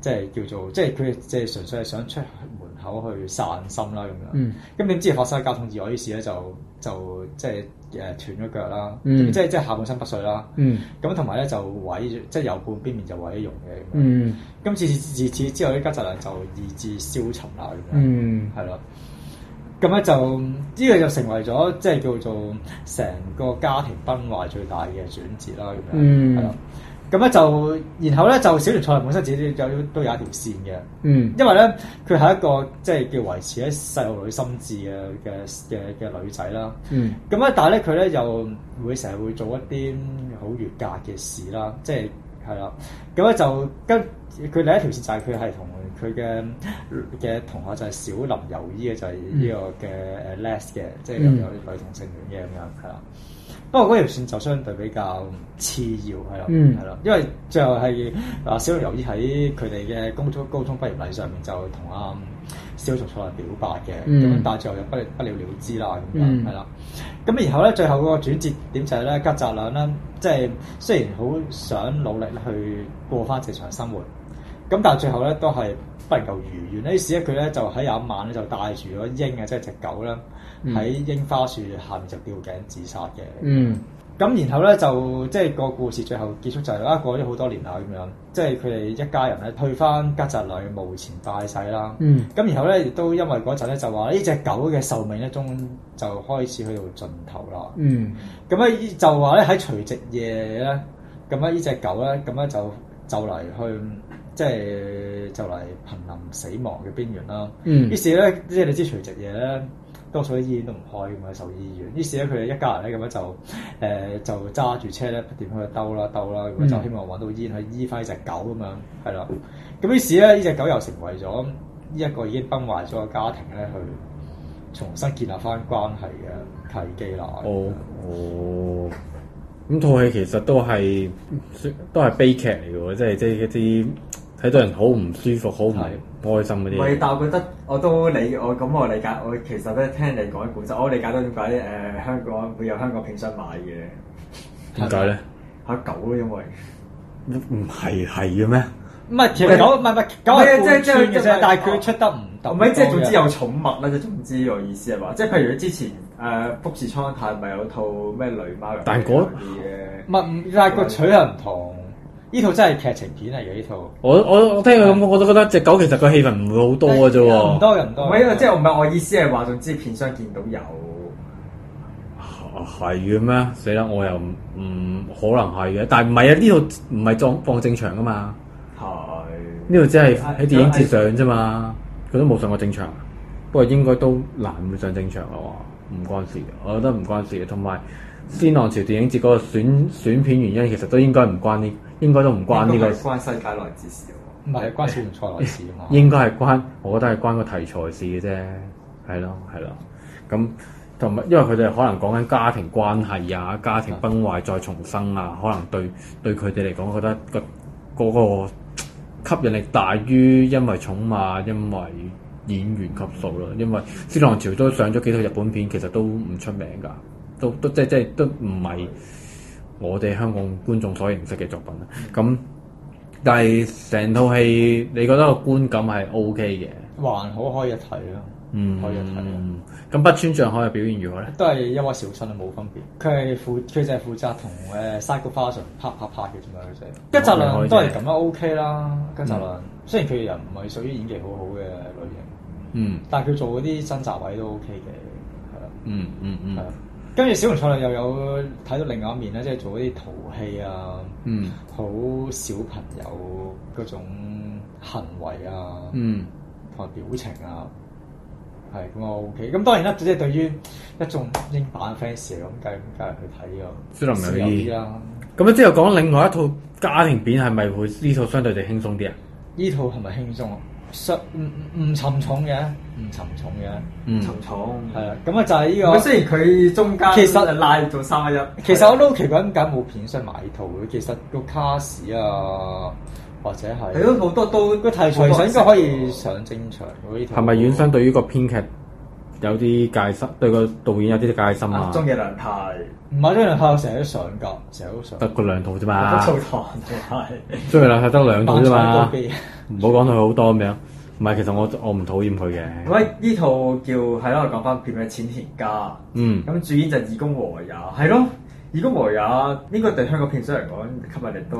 [SPEAKER 1] 即係叫做即係佢即係純粹係想出門口去散心啦咁、嗯、樣。咁點知發生交通我意外，於是咧，就就即係誒斷咗腳啦，即係、嗯、即係下半身不遂啦。咁同埋咧就毀咗即係右半邊面就毀咗容嘅。咁自自此之後，呢吉澤良就意志消沉啦咁樣，係咯、嗯。咁咧就呢、這個就成為咗即係叫做成個家庭崩壞最大嘅轉折啦，咁樣、嗯，係咯。咁咧就，然後咧就小聯賽本身自己都有，都有一條線嘅，嗯，因為咧佢係一個即係叫維持喺細路女心智嘅嘅嘅嘅女仔啦，嗯，咁咧但係咧佢咧又會成日會做一啲好越格嘅事啦，即係係啦，咁咧就跟佢另一條線就係佢係同。佢嘅嘅同學就係小林由衣嘅，就係、是、呢個嘅誒 less 嘅，即係有有女同性戀嘅咁樣，係啦、嗯。不過嗰條線就相對比較次要，係啦、嗯，係啦，因為最後係啊小林由衣喺佢哋嘅高中、嗯、高中畢業禮上面就同啊小竹菜表白嘅，咁、嗯、但係最後又不了不了了之啦咁樣，係啦。咁然後咧最後嗰個轉折點就係咧吉澤亮咧，即係雖然好想努力去過返正常生活。咁但係最後咧，都係不能夠如願。於是咧，佢咧就喺有一晚咧，就帶住咗櫻啊，即係隻狗啦，喺、嗯、櫻花樹下面就吊頸自殺嘅。嗯，咁然後咧就即係個故事最後結束就係、是、啦，過咗好多年啦咁樣，即係佢哋一家人咧退翻吉澤里墓前拜祭啦。嗯，咁然後咧亦都因為嗰陣咧就話呢隻狗嘅壽命咧終就開始去到盡頭啦。嗯，咁咧就話咧喺除夕夜咧咁咧呢隻狗咧咁咧就就嚟去。即係就嚟瀕臨死亡嘅邊緣啦，嗯、於是咧，即係你知除夕夜咧，多數啲醫院都唔開嘅嘛，獸醫院。於是咧，佢一家人咧咁樣就誒、呃、就揸住車咧不斷去兜啦兜啦，咁就希望揾到醫院去醫翻隻狗咁樣，係啦。咁於是咧，呢隻狗又成為咗一個已經崩壞咗嘅家庭咧，去重新建立翻關係嘅契機啦。
[SPEAKER 2] 哦哦，咁套戲其實都係都係悲劇嚟嘅，即係即係一啲。睇到人好唔舒服，好唔開心嗰啲。喂，但
[SPEAKER 1] 我覺得我都理我咁，我理解我其實咧，聽你講嘅故事，我理解到點解誒香港會有香港片商買
[SPEAKER 2] 嘅。點解咧？嚇狗咯，因為唔唔係係嘅咩？唔係，其實狗唔係唔係狗啊，即係即係，但係佢
[SPEAKER 1] 出得唔得？唔係，即係總之有
[SPEAKER 2] 寵物啦，
[SPEAKER 1] 就總之我意思係話，即係譬如你之前誒福士窗太咪有套咩雷貓？但係嗰唔係，但係個取人堂。呢套真係劇情片
[SPEAKER 2] 嚟嘅，呢套，我我我聽佢咁講，的我都覺得隻狗其實個氣氛唔會好多嘅、啊、啫，唔多
[SPEAKER 1] 又唔多。唔係，即係唔係我，我意思係話，總之片商見到有
[SPEAKER 2] 係嘅咩？死啦！我又唔可能係嘅，但係唔係啊？呢套唔係裝放正常噶嘛？
[SPEAKER 1] 係呢度只係喺電影節上
[SPEAKER 2] 啫嘛，佢的都冇上過正常，不過應該都難會上正常嘅喎。唔關事，嘅。我覺得唔關事嘅，同埋。《先浪潮》電影節嗰個選片原因，其實都應該唔關呢，應該都唔關呢、這個應關來自。關西太內之
[SPEAKER 1] 事唔係關選材內事啊嘛。 (laughs) 應
[SPEAKER 2] 該係關，我覺得係關個題材事嘅啫。係咯，係咯。咁同埋，因為佢哋可能講緊家庭關係啊，家庭崩壞再重生啊，可能對對佢哋嚟講，覺得個嗰吸引力大於因為寵物，因為演員級數咯。因為《先浪潮》都上咗幾套日本片，其實都唔出名噶。都都即係即係都唔係我哋香港觀眾所認識嘅作品啦。咁但係成套戲你覺得個觀感係 O K 嘅，
[SPEAKER 1] 還好可以一睇咯。嗯，可以一
[SPEAKER 2] 睇。嗯，咁北村匠海嘅表現如何咧？
[SPEAKER 1] 都係因為小春啊冇分別，佢係負佢就負責同誒《西國花術》拍拍拍嘅啫嘛，佢就。吉澤亮都係咁樣 O K 啦。吉澤亮雖然佢嘅人唔係屬於演技好好嘅類型，嗯，但係佢做嗰啲掙扎位都 O K 嘅，係
[SPEAKER 2] 啦，嗯嗯嗯。
[SPEAKER 1] 跟住小熊菜又有睇到另外一面咧，即係做一啲淘氣啊，
[SPEAKER 2] 嗯，
[SPEAKER 1] 好小朋友嗰種行為啊，
[SPEAKER 2] 嗯，
[SPEAKER 1] 同埋表情啊，係咁啊 OK。咁當然啦，即係對於一眾英版 fans 咁，梗梗係去睇囉。小林有啲啦。
[SPEAKER 2] 咁啊，之後講另外一套家庭片係咪會呢套相對地輕鬆啲啊？
[SPEAKER 1] 呢套係咪輕鬆啊？唔唔沉重嘅，唔沉重嘅，唔、嗯、
[SPEAKER 2] 沉重。
[SPEAKER 1] 係啊的，咁啊、嗯、就係呢、這個。咁雖然佢中間其實係拉咗三一一的。其實我都好奇怪點解冇片商買套嘅，其實個卡士啊，或者係係咯，到到個題材上應該可以上正場。係
[SPEAKER 2] 咪院商對於個編劇？有啲戒心，對個導演有啲戒心啊！呃、中野
[SPEAKER 1] 量太唔係中野量太我成日都想㗎，成日都想。得個兩套啫嘛。
[SPEAKER 2] 中野量太得兩套啫嘛，唔好講佢好多咁樣。唔係，其實我我唔討厭佢嘅。
[SPEAKER 1] 喂、嗯，呢套叫係咯，講翻片名《淺田家》。嗯。咁主演就二宮和也係咯，二宮和也應該、這個、對香港片商嚟講吸引力都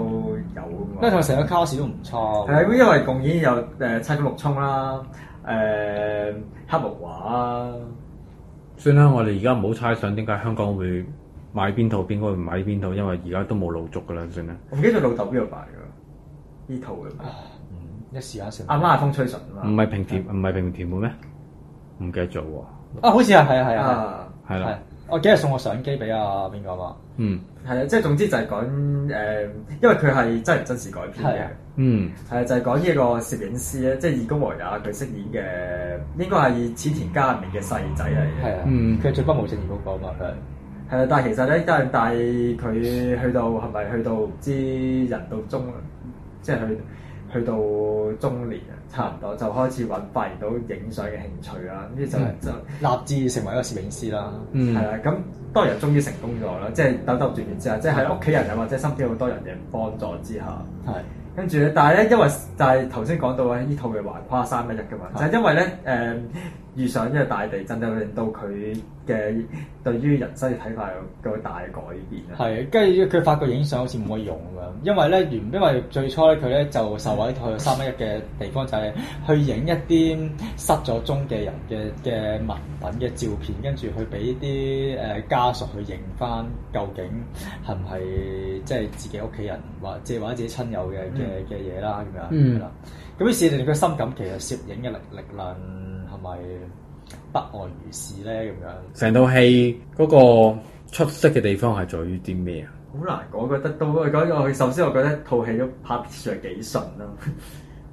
[SPEAKER 1] 有啊嘛。因為成個卡士都唔錯、啊。係，因為共演有
[SPEAKER 2] 妻夫木聰啦。誒、uh, 黑木華、啊、算啦，我哋而家唔好猜想點解香港會買邊套，邊個會買邊套，因為而家都冇路捉㗎啦，算啦。
[SPEAKER 1] 唔記得咗老豆邊度買㗎？呢套嘅、啊嗯，一時間想。阿媽係風吹純嘛。唔係
[SPEAKER 2] 平田，唔係的平田滿咩？唔記得咗喎。
[SPEAKER 1] 啊，好似啊，係啊的，係啊，係啦，係。我幾日送個相機俾阿邊個啊嗯？嗯，係啊，即係總之就係講誒，因為佢係真人真事改編嘅。嗯，係啊、mm hmm.，就係、是、講呢一個攝影師咧，即係二宮和也，佢飾演嘅應該係淺田家入面嘅細仔嚟係。係啊，嗯、mm，佢、hmm. 係最不務正業嗰個嘛，係。係啊，但係其實咧，但係佢去到係咪去到唔知，人到中，即係去去到中年差唔多，就開始揾發現到影相嘅興趣啦。呢就、mm hmm. 就立志成為一個攝影師啦。嗯、mm，係咁多人終於成功咗啦，即係兜兜轉轉之下，即係喺屋企人啊或者身邊好多人嘅幫助之下。係、mm。Hmm. 跟住咧，但係咧，因為就，但係頭先講到咧，呢套嘅橫跨三一一嘅話，就因為咧，誒、呃。遇上一個大地震，就令到佢嘅對於人生嘅睇法有個大改變啊！係，跟住佢發覺影相好似冇乜用咁樣，因為咧原因為最初咧，佢咧就受委託去三一一嘅地方， (laughs) 就係去影一啲失咗蹤嘅人嘅嘅物品嘅照片，跟住去俾啲誒家屬去影翻，究竟係唔係即係自己屋企人或者或者自己親友嘅嘅嘅嘢啦咁樣啦。咁於、嗯、是令佢深感其實攝影嘅力力量。係不外如是咧，咁樣。
[SPEAKER 2] 成套戲嗰個出色嘅地方係在於啲咩啊？
[SPEAKER 1] 好難講。我覺得都首先我覺得套戲都拍得幾順啦，啊，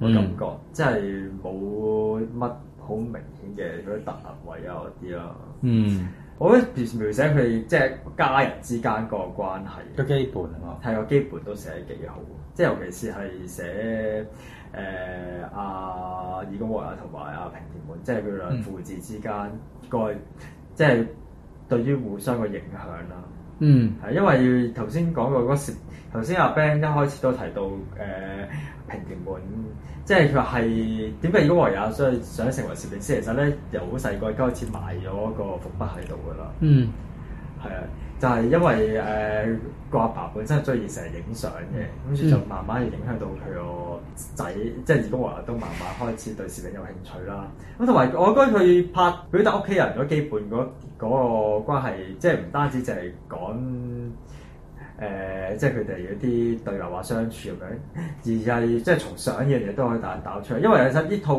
[SPEAKER 1] 嗯，我感覺即係冇乜好明顯嘅嗰啲特立位啊嗰啲咯。啊、嗯，我覺得描寫佢即係家人之間個關係都基本啊，睇個基本都寫得幾好，即係尤其是係寫。誒阿二宮和也同埋阿平田滿，即係佢兩父子之間個、嗯、即係對於互相個影響啦。嗯，係因為頭先講過嗰時，頭先阿 Ben 一開始都提到誒、呃、平田滿，即係佢話係點解二宮和也所以想成為攝影師？其實咧由好細個已經開始埋咗個伏筆喺度㗎啦。
[SPEAKER 2] 嗯，
[SPEAKER 1] 係啊。就係因為誒個阿爸本身係中意成日影相嘅，咁、嗯、就慢慢影響到佢個仔，即係二宮和也都慢慢開始對攝影有興趣啦。咁同埋我覺得佢拍表達屋企人嗰基本嗰、那、嗰、個那個關係，即係唔單止、呃、淨係講誒，即係佢哋嗰啲對立或相處咁樣，而係即係從相嘅嘢都可以帶出。因為其實呢套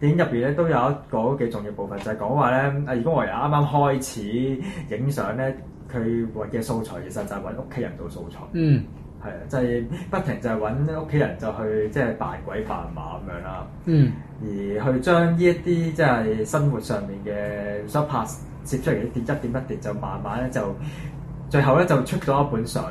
[SPEAKER 1] 電影入邊咧都有一個幾重要部分，就係講話咧，阿二宮和也啱啱開始影相咧。佢揾嘅素材其實就係揾屋企人做素材，嗯，係啊，就係、是、不停就係揾屋企人就去即係、就是、扮鬼扮馬咁樣啦，嗯，而去將呢一啲即係生活上面嘅所拍攝出嚟一點一滴，就慢慢咧就最後咧就出咗一本相。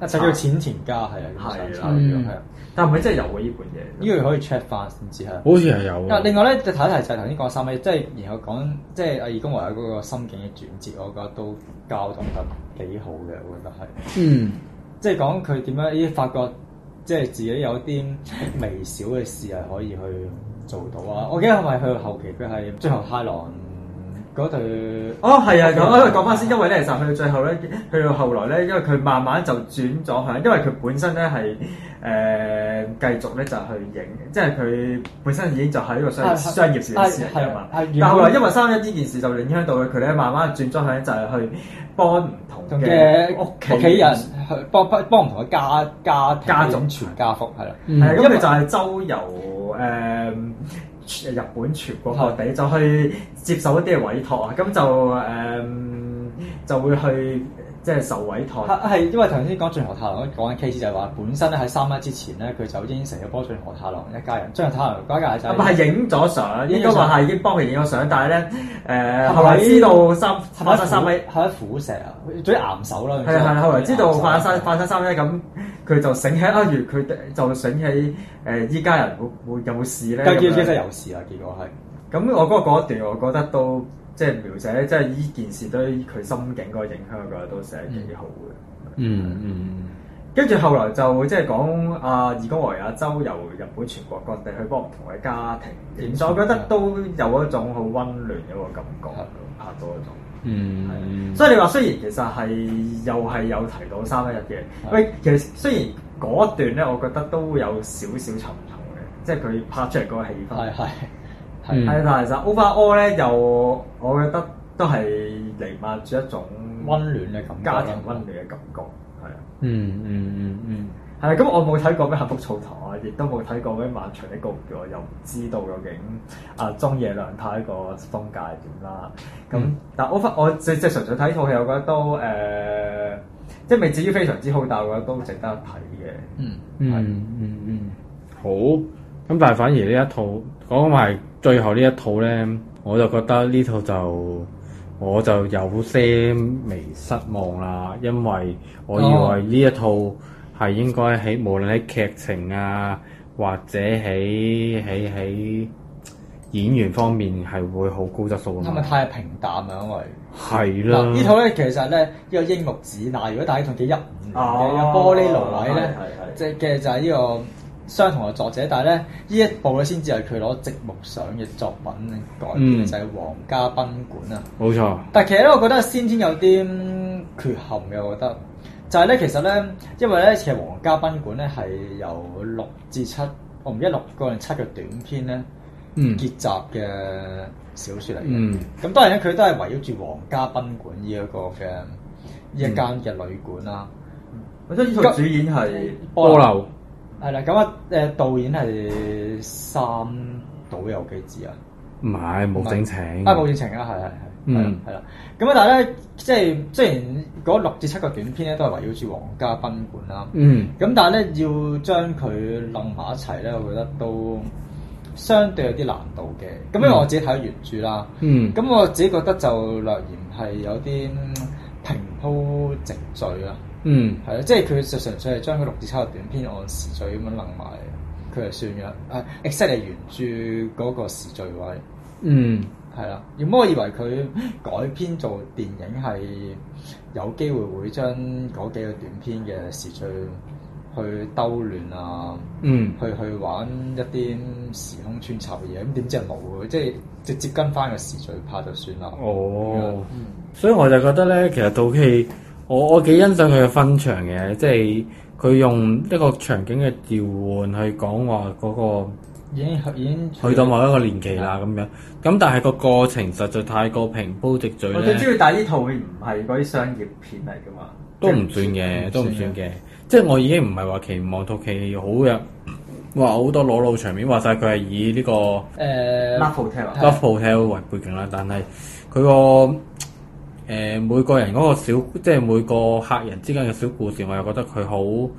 [SPEAKER 1] 啊，就叫淺田家。係啊，係啦，係啊。的但係唔真係有嘅呢盤嘢？呢個可以 check 翻先至係。好似係有。但另外咧，睇一睇就係頭先講三米，即係然後講即係阿義公華嗰個心境嘅轉折，我覺得都交代得幾好嘅，我覺得係。嗯。即係講佢點樣已經發覺，即係自己有啲微小嘅事係可以去做到啊！我記得係咪去到後期佢係最後太郎？嗰對哦，係啊，講翻先，因為咧，其實去到最後咧，去到後來咧，因為佢慢慢就轉咗向，因為佢本身咧係誒繼續咧就去影，即係佢本身已經就喺呢個商商業攝影師嚟嘅嘛。但係後來因為三一呢件事就影響到佢，佢咧慢慢轉咗向，就係去幫唔同嘅屋企人幫幫幫唔同嘅家家家種全家福，係啦。咁咪就係周遊，誒，日本全國各地就去接受一啲嘅委託啊，咁就誒就會去即係受委託。係因為頭先講俊學太郎講緊 case 就係話，本身咧喺三一之前咧，佢就已經成咗幫俊學太郎一家人。進學太郎嗰家就係影咗相，應該話係已經幫佢影咗相，但係咧誒後來知道三發生三一係喺虎石啊，最岩手啦。係啊係啊，後來知道發生發生三一咁。佢就醒起阿，如佢就醒起誒依家人會會有冇事咧？有事啊。結果係，咁我嗰一段，我覺得都即係、就是、描寫，即係依件事對佢心境個影響，我覺得都寫得幾好嘅、嗯的嗯。
[SPEAKER 2] 嗯
[SPEAKER 1] 嗯跟住後來就即係講阿義工維亞周遊日本全國各地，去幫唔同嘅家庭。其實我覺得都有一種好溫暖嗰個感覺。吓、嗯嗯、到～一種。
[SPEAKER 2] 嗯，係、mm。Hmm. 所以你話雖
[SPEAKER 1] 然其實係又係有提到三一一嘅，喂、mm，hmm. 因為其實雖然嗰一段咧，我覺得都有少少沉重嘅，即係佢拍出嚟個氣氛係係係，mm hmm. 但係其實 Overall 咧，又我覺得都係瀰漫住一種温暖嘅感覺、家庭温暖嘅感覺，係、hmm. 啊的，嗯嗯嗯嗯。Hmm. 係，咁我冇睇過《咩幸福澡堂》啊，亦都冇睇過《咩漫長一個》，呢個我又唔知道究竟啊中野良太個風格係點啦。咁、嗯、但係我我即係即係純粹睇套戲，我覺得都誒、呃，即係未至於非常之好，但我覺得都值得睇嘅、嗯是嗯。嗯嗯嗯嗯，
[SPEAKER 2] 好。咁但係反而呢一套講埋最後呢一套咧，我就覺得呢套就我就有些微失望啦，因為我以為呢一套、哦。係應該喺無論喺劇情啊，或者喺喺喺演員方面係會好高質素。係咪太
[SPEAKER 1] 平淡是的 (laughs) 啊？因為係啦，呢套咧其實咧，呢、這個櫻木子，但如果大家呢套一五年嘅、哦、玻璃蘆葦咧，即係嘅就係呢個相同嘅作者，但係咧呢一部咧先至係佢攞直木賞嘅作品改編，嗯、就係《皇家賓館》啊。
[SPEAKER 2] 冇錯。
[SPEAKER 1] 但係其實咧，我覺得先天有啲缺陷嘅，我覺得。就係咧，其實咧，因為咧，其實《皇家賓館》咧係由六至七，我唔知六個定七個嘅短篇咧結集嘅小説嚟
[SPEAKER 2] 嘅。
[SPEAKER 1] 咁、嗯嗯、當然咧，佢都係圍繞住《皇家賓館》呢一個嘅
[SPEAKER 2] 呢一
[SPEAKER 1] 間嘅旅館啦。咁所以呢套主演係波流，係流啦。咁、呃、啊，誒導演係三島有紀子啊，
[SPEAKER 2] 唔係冇整情啊，冇整
[SPEAKER 1] 情啊，係係係，
[SPEAKER 2] 係
[SPEAKER 1] 啦，係啦。咁啊，但係咧，即係雖然。嗰六至七個短片咧，都係圍繞住皇家賓館啦。嗯，咁但係咧，要將佢冧埋一齊咧，我覺得都相對有啲難度嘅。咁因為我自己睇咗原著啦，嗯，咁我自己覺得就略嫌係有啲平鋪直敍啦。嗯，係咯，即係佢就純粹係將佢六至七個短片按時序咁樣冧埋佢係算嘅。啊、呃、exactly 係原著嗰個時序位。
[SPEAKER 2] 嗯，
[SPEAKER 1] 係啦。原本我以為佢改編做電影係。有機會會將嗰幾個短篇嘅時序去兜亂啊，嗯，去去玩一啲時空穿插嘅嘢，咁點知係冇即係直接跟翻個時序拍就算啦。
[SPEAKER 2] 哦，嗯、所以我就覺得咧，其實套戲，我我幾欣賞佢嘅分場嘅，即係佢用一個場景嘅調換去講話嗰、那個。
[SPEAKER 1] 已經已經去
[SPEAKER 2] 到某一個年期啦，咁、嗯、樣咁，但係個過程實在太過平鋪直敍，我都知要，但
[SPEAKER 1] 呢套唔係嗰啲商業片嚟嘅嘛，都
[SPEAKER 2] 唔算嘅，算都唔算嘅。嗯、即係我已經唔係話期望套戲好有話好多裸露場面，話晒、呢個。佢係以呢個誒
[SPEAKER 1] Love Hotel Love
[SPEAKER 2] Hotel 為背景啦。但係佢個誒、呃、每個人嗰個小，即係每個客人之間嘅小故事，我又覺得佢好。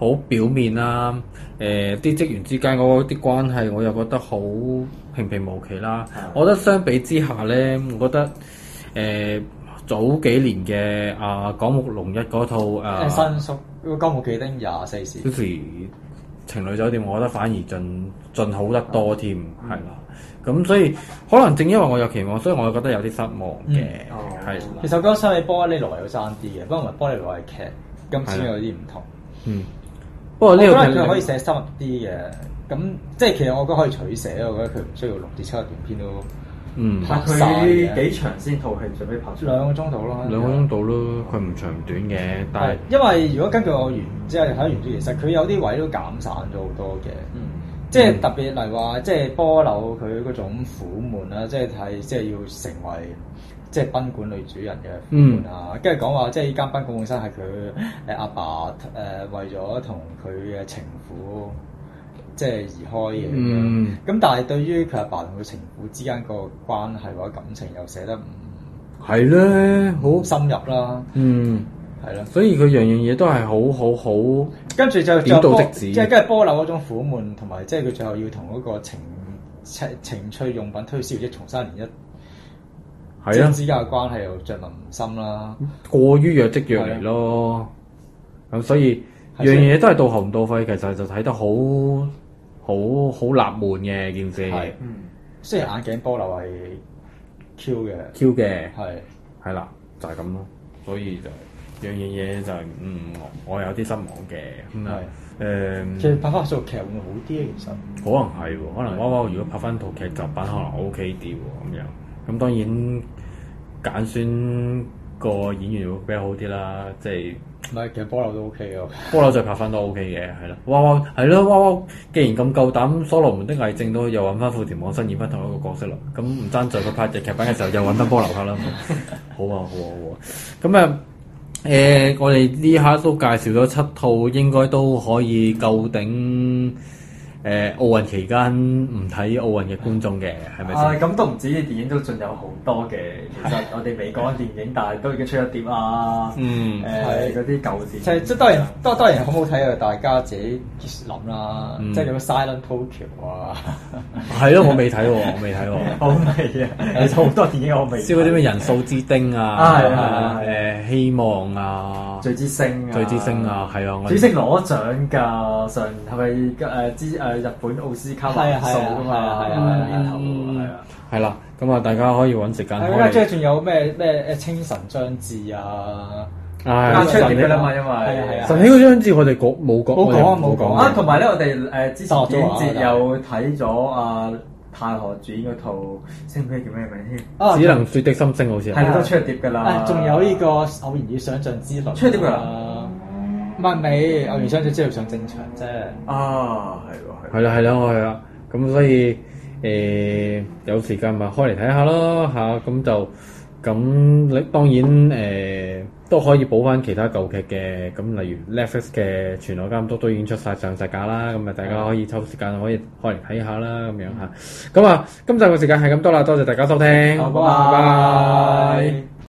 [SPEAKER 2] 好表面啦、啊，誒、呃、啲職員之間嗰啲關係，我又覺得好平平無奇啦。的我覺得相比之下咧，我覺得誒、呃、早幾年嘅啊廣木隆一嗰套誒、啊、新
[SPEAKER 1] 宿歌
[SPEAKER 2] 舞伎町廿四時情侶酒店，我覺得反而進進好得多添的，係啦。咁所以可能正因為我有期望，所以我覺得有啲失望嘅。係、嗯哦、的其實嗰個山尾玻璃羅有爭啲嘅，不過唔係玻璃
[SPEAKER 1] 羅係劇今次有啲唔同。
[SPEAKER 2] 不，哦，這個、我覺得佢可以
[SPEAKER 1] 寫深入啲嘅，咁即係其實我覺得可以取捨。我覺得佢唔需要六至七日短片都，嗯，拍佢幾長先？套戲準備拍出兩個鐘度啦？兩個
[SPEAKER 2] 鐘度咯，佢唔實長唔短嘅，但係
[SPEAKER 1] 因為如果根據我原，即係睇完咗，其實佢有啲位都減散咗好多嘅。嗯，嗯即係特別嚟話，即、就、係、是、波樓佢嗰種苦悶啦，即係係即係要成為。即係賓館女主人嘅苦悶啊，跟住講話，即係依間賓館本身係佢阿爸誒為咗同佢嘅情婦即係而開嘅。咁、嗯、但係對於佢阿爸同佢情婦之間個關係或者感情又寫得唔
[SPEAKER 2] 係咧，好深入啦、啊。嗯，係啦的，所以佢樣樣嘢都係好好好，跟住就點到即止，即係跟
[SPEAKER 1] 住波樓嗰、就是、種苦悶同埋，即係佢最後要同嗰個情趣情趣用品推銷即重、就是、三年一。係啦，之間嘅關係又着墨唔深啦，
[SPEAKER 2] 過於若即若離咯。咁所以樣樣嘢都係到喉唔到肺，其實就睇得好好好納悶嘅件事。嗯，
[SPEAKER 1] 雖然眼鏡波流係 Q 嘅，Q 嘅，
[SPEAKER 2] 係係啦，就係咁咯。所以就樣樣嘢就嗯，我有啲失望嘅。係誒，即係拍翻套劇會好啲啊！其實可能係喎，可能娃娃如果拍翻套劇集版可能 OK 啲喎，咁樣。咁當然，揀選個演員會比較好啲啦，即係。唔係，其實波瑠都 OK 嘅。波瑠再拍翻都 OK 嘅，係啦。哇哇，係咯，哇哇，既然咁夠膽，膽，《所羅門的偽證》都又揾翻富田望生演翻同一個角色啦。咁唔爭在佢拍日劇版嘅時候又揾翻波瑠拍啦 (laughs) 好、啊。好啊，好啊，好啊。咁啊，誒、呃，我哋呢下都介紹咗七套，應該都可以夠頂。誒，奧運期間唔睇奧運嘅觀眾嘅係咪先？啊，
[SPEAKER 1] 咁都唔止，啲電影都進，仲有好多嘅。其實我哋美國嘅電影，但係都已經出咗碟啊。嗯，誒嗰啲舊電影。即係即係當然，多當然好好睇啊！大家自己諗啦。即係有冇 Silent Tokyo
[SPEAKER 2] 啊？係咯，我未睇喎，我未睇喎。我未啊！其實好多電影我未。燒嗰啲咩《人數之丁》啊？係係，誒希望啊！最之星啊！最之星啊！係啊！最之星攞
[SPEAKER 1] 獎㗎，上年係咪誒日本奧斯卡數噶嘛，係啊，
[SPEAKER 2] 係啊，係啊，係啦，咁啊，大家可以揾時間。而家出仲
[SPEAKER 1] 有咩咩誒《清晨將至》啊，出碟噶啦嘛，因為《晨曦》嗰
[SPEAKER 2] 張碟我哋冇講冇講，冇講啊，同埋咧我哋誒之前剪接有
[SPEAKER 1] 睇咗啊，太河主演嗰套，星咩叫咩名
[SPEAKER 2] 添？只能説的心聲好似係都出咗碟噶啦。仲有呢
[SPEAKER 1] 個《偶然與想像之類》出碟未啊？唔係未，偶然與想像之係上正常啫。啊，係。
[SPEAKER 2] 係啦係啦，我係啦，咁、 (music) 嗯、所以誒、欸、有時間咪開嚟睇下咯吓，咁就咁你當然誒、呃、都可以補翻其他舊劇嘅，咁、嗯、例如 Netflix 嘅《全裸監督》都已經出晒上十架啦，咁咪大家可以抽時間可以開嚟睇下啦，咁樣吓，咁啊今集嘅時間係咁多啦，多謝大家收聽，拜拜。Bye bye bye bye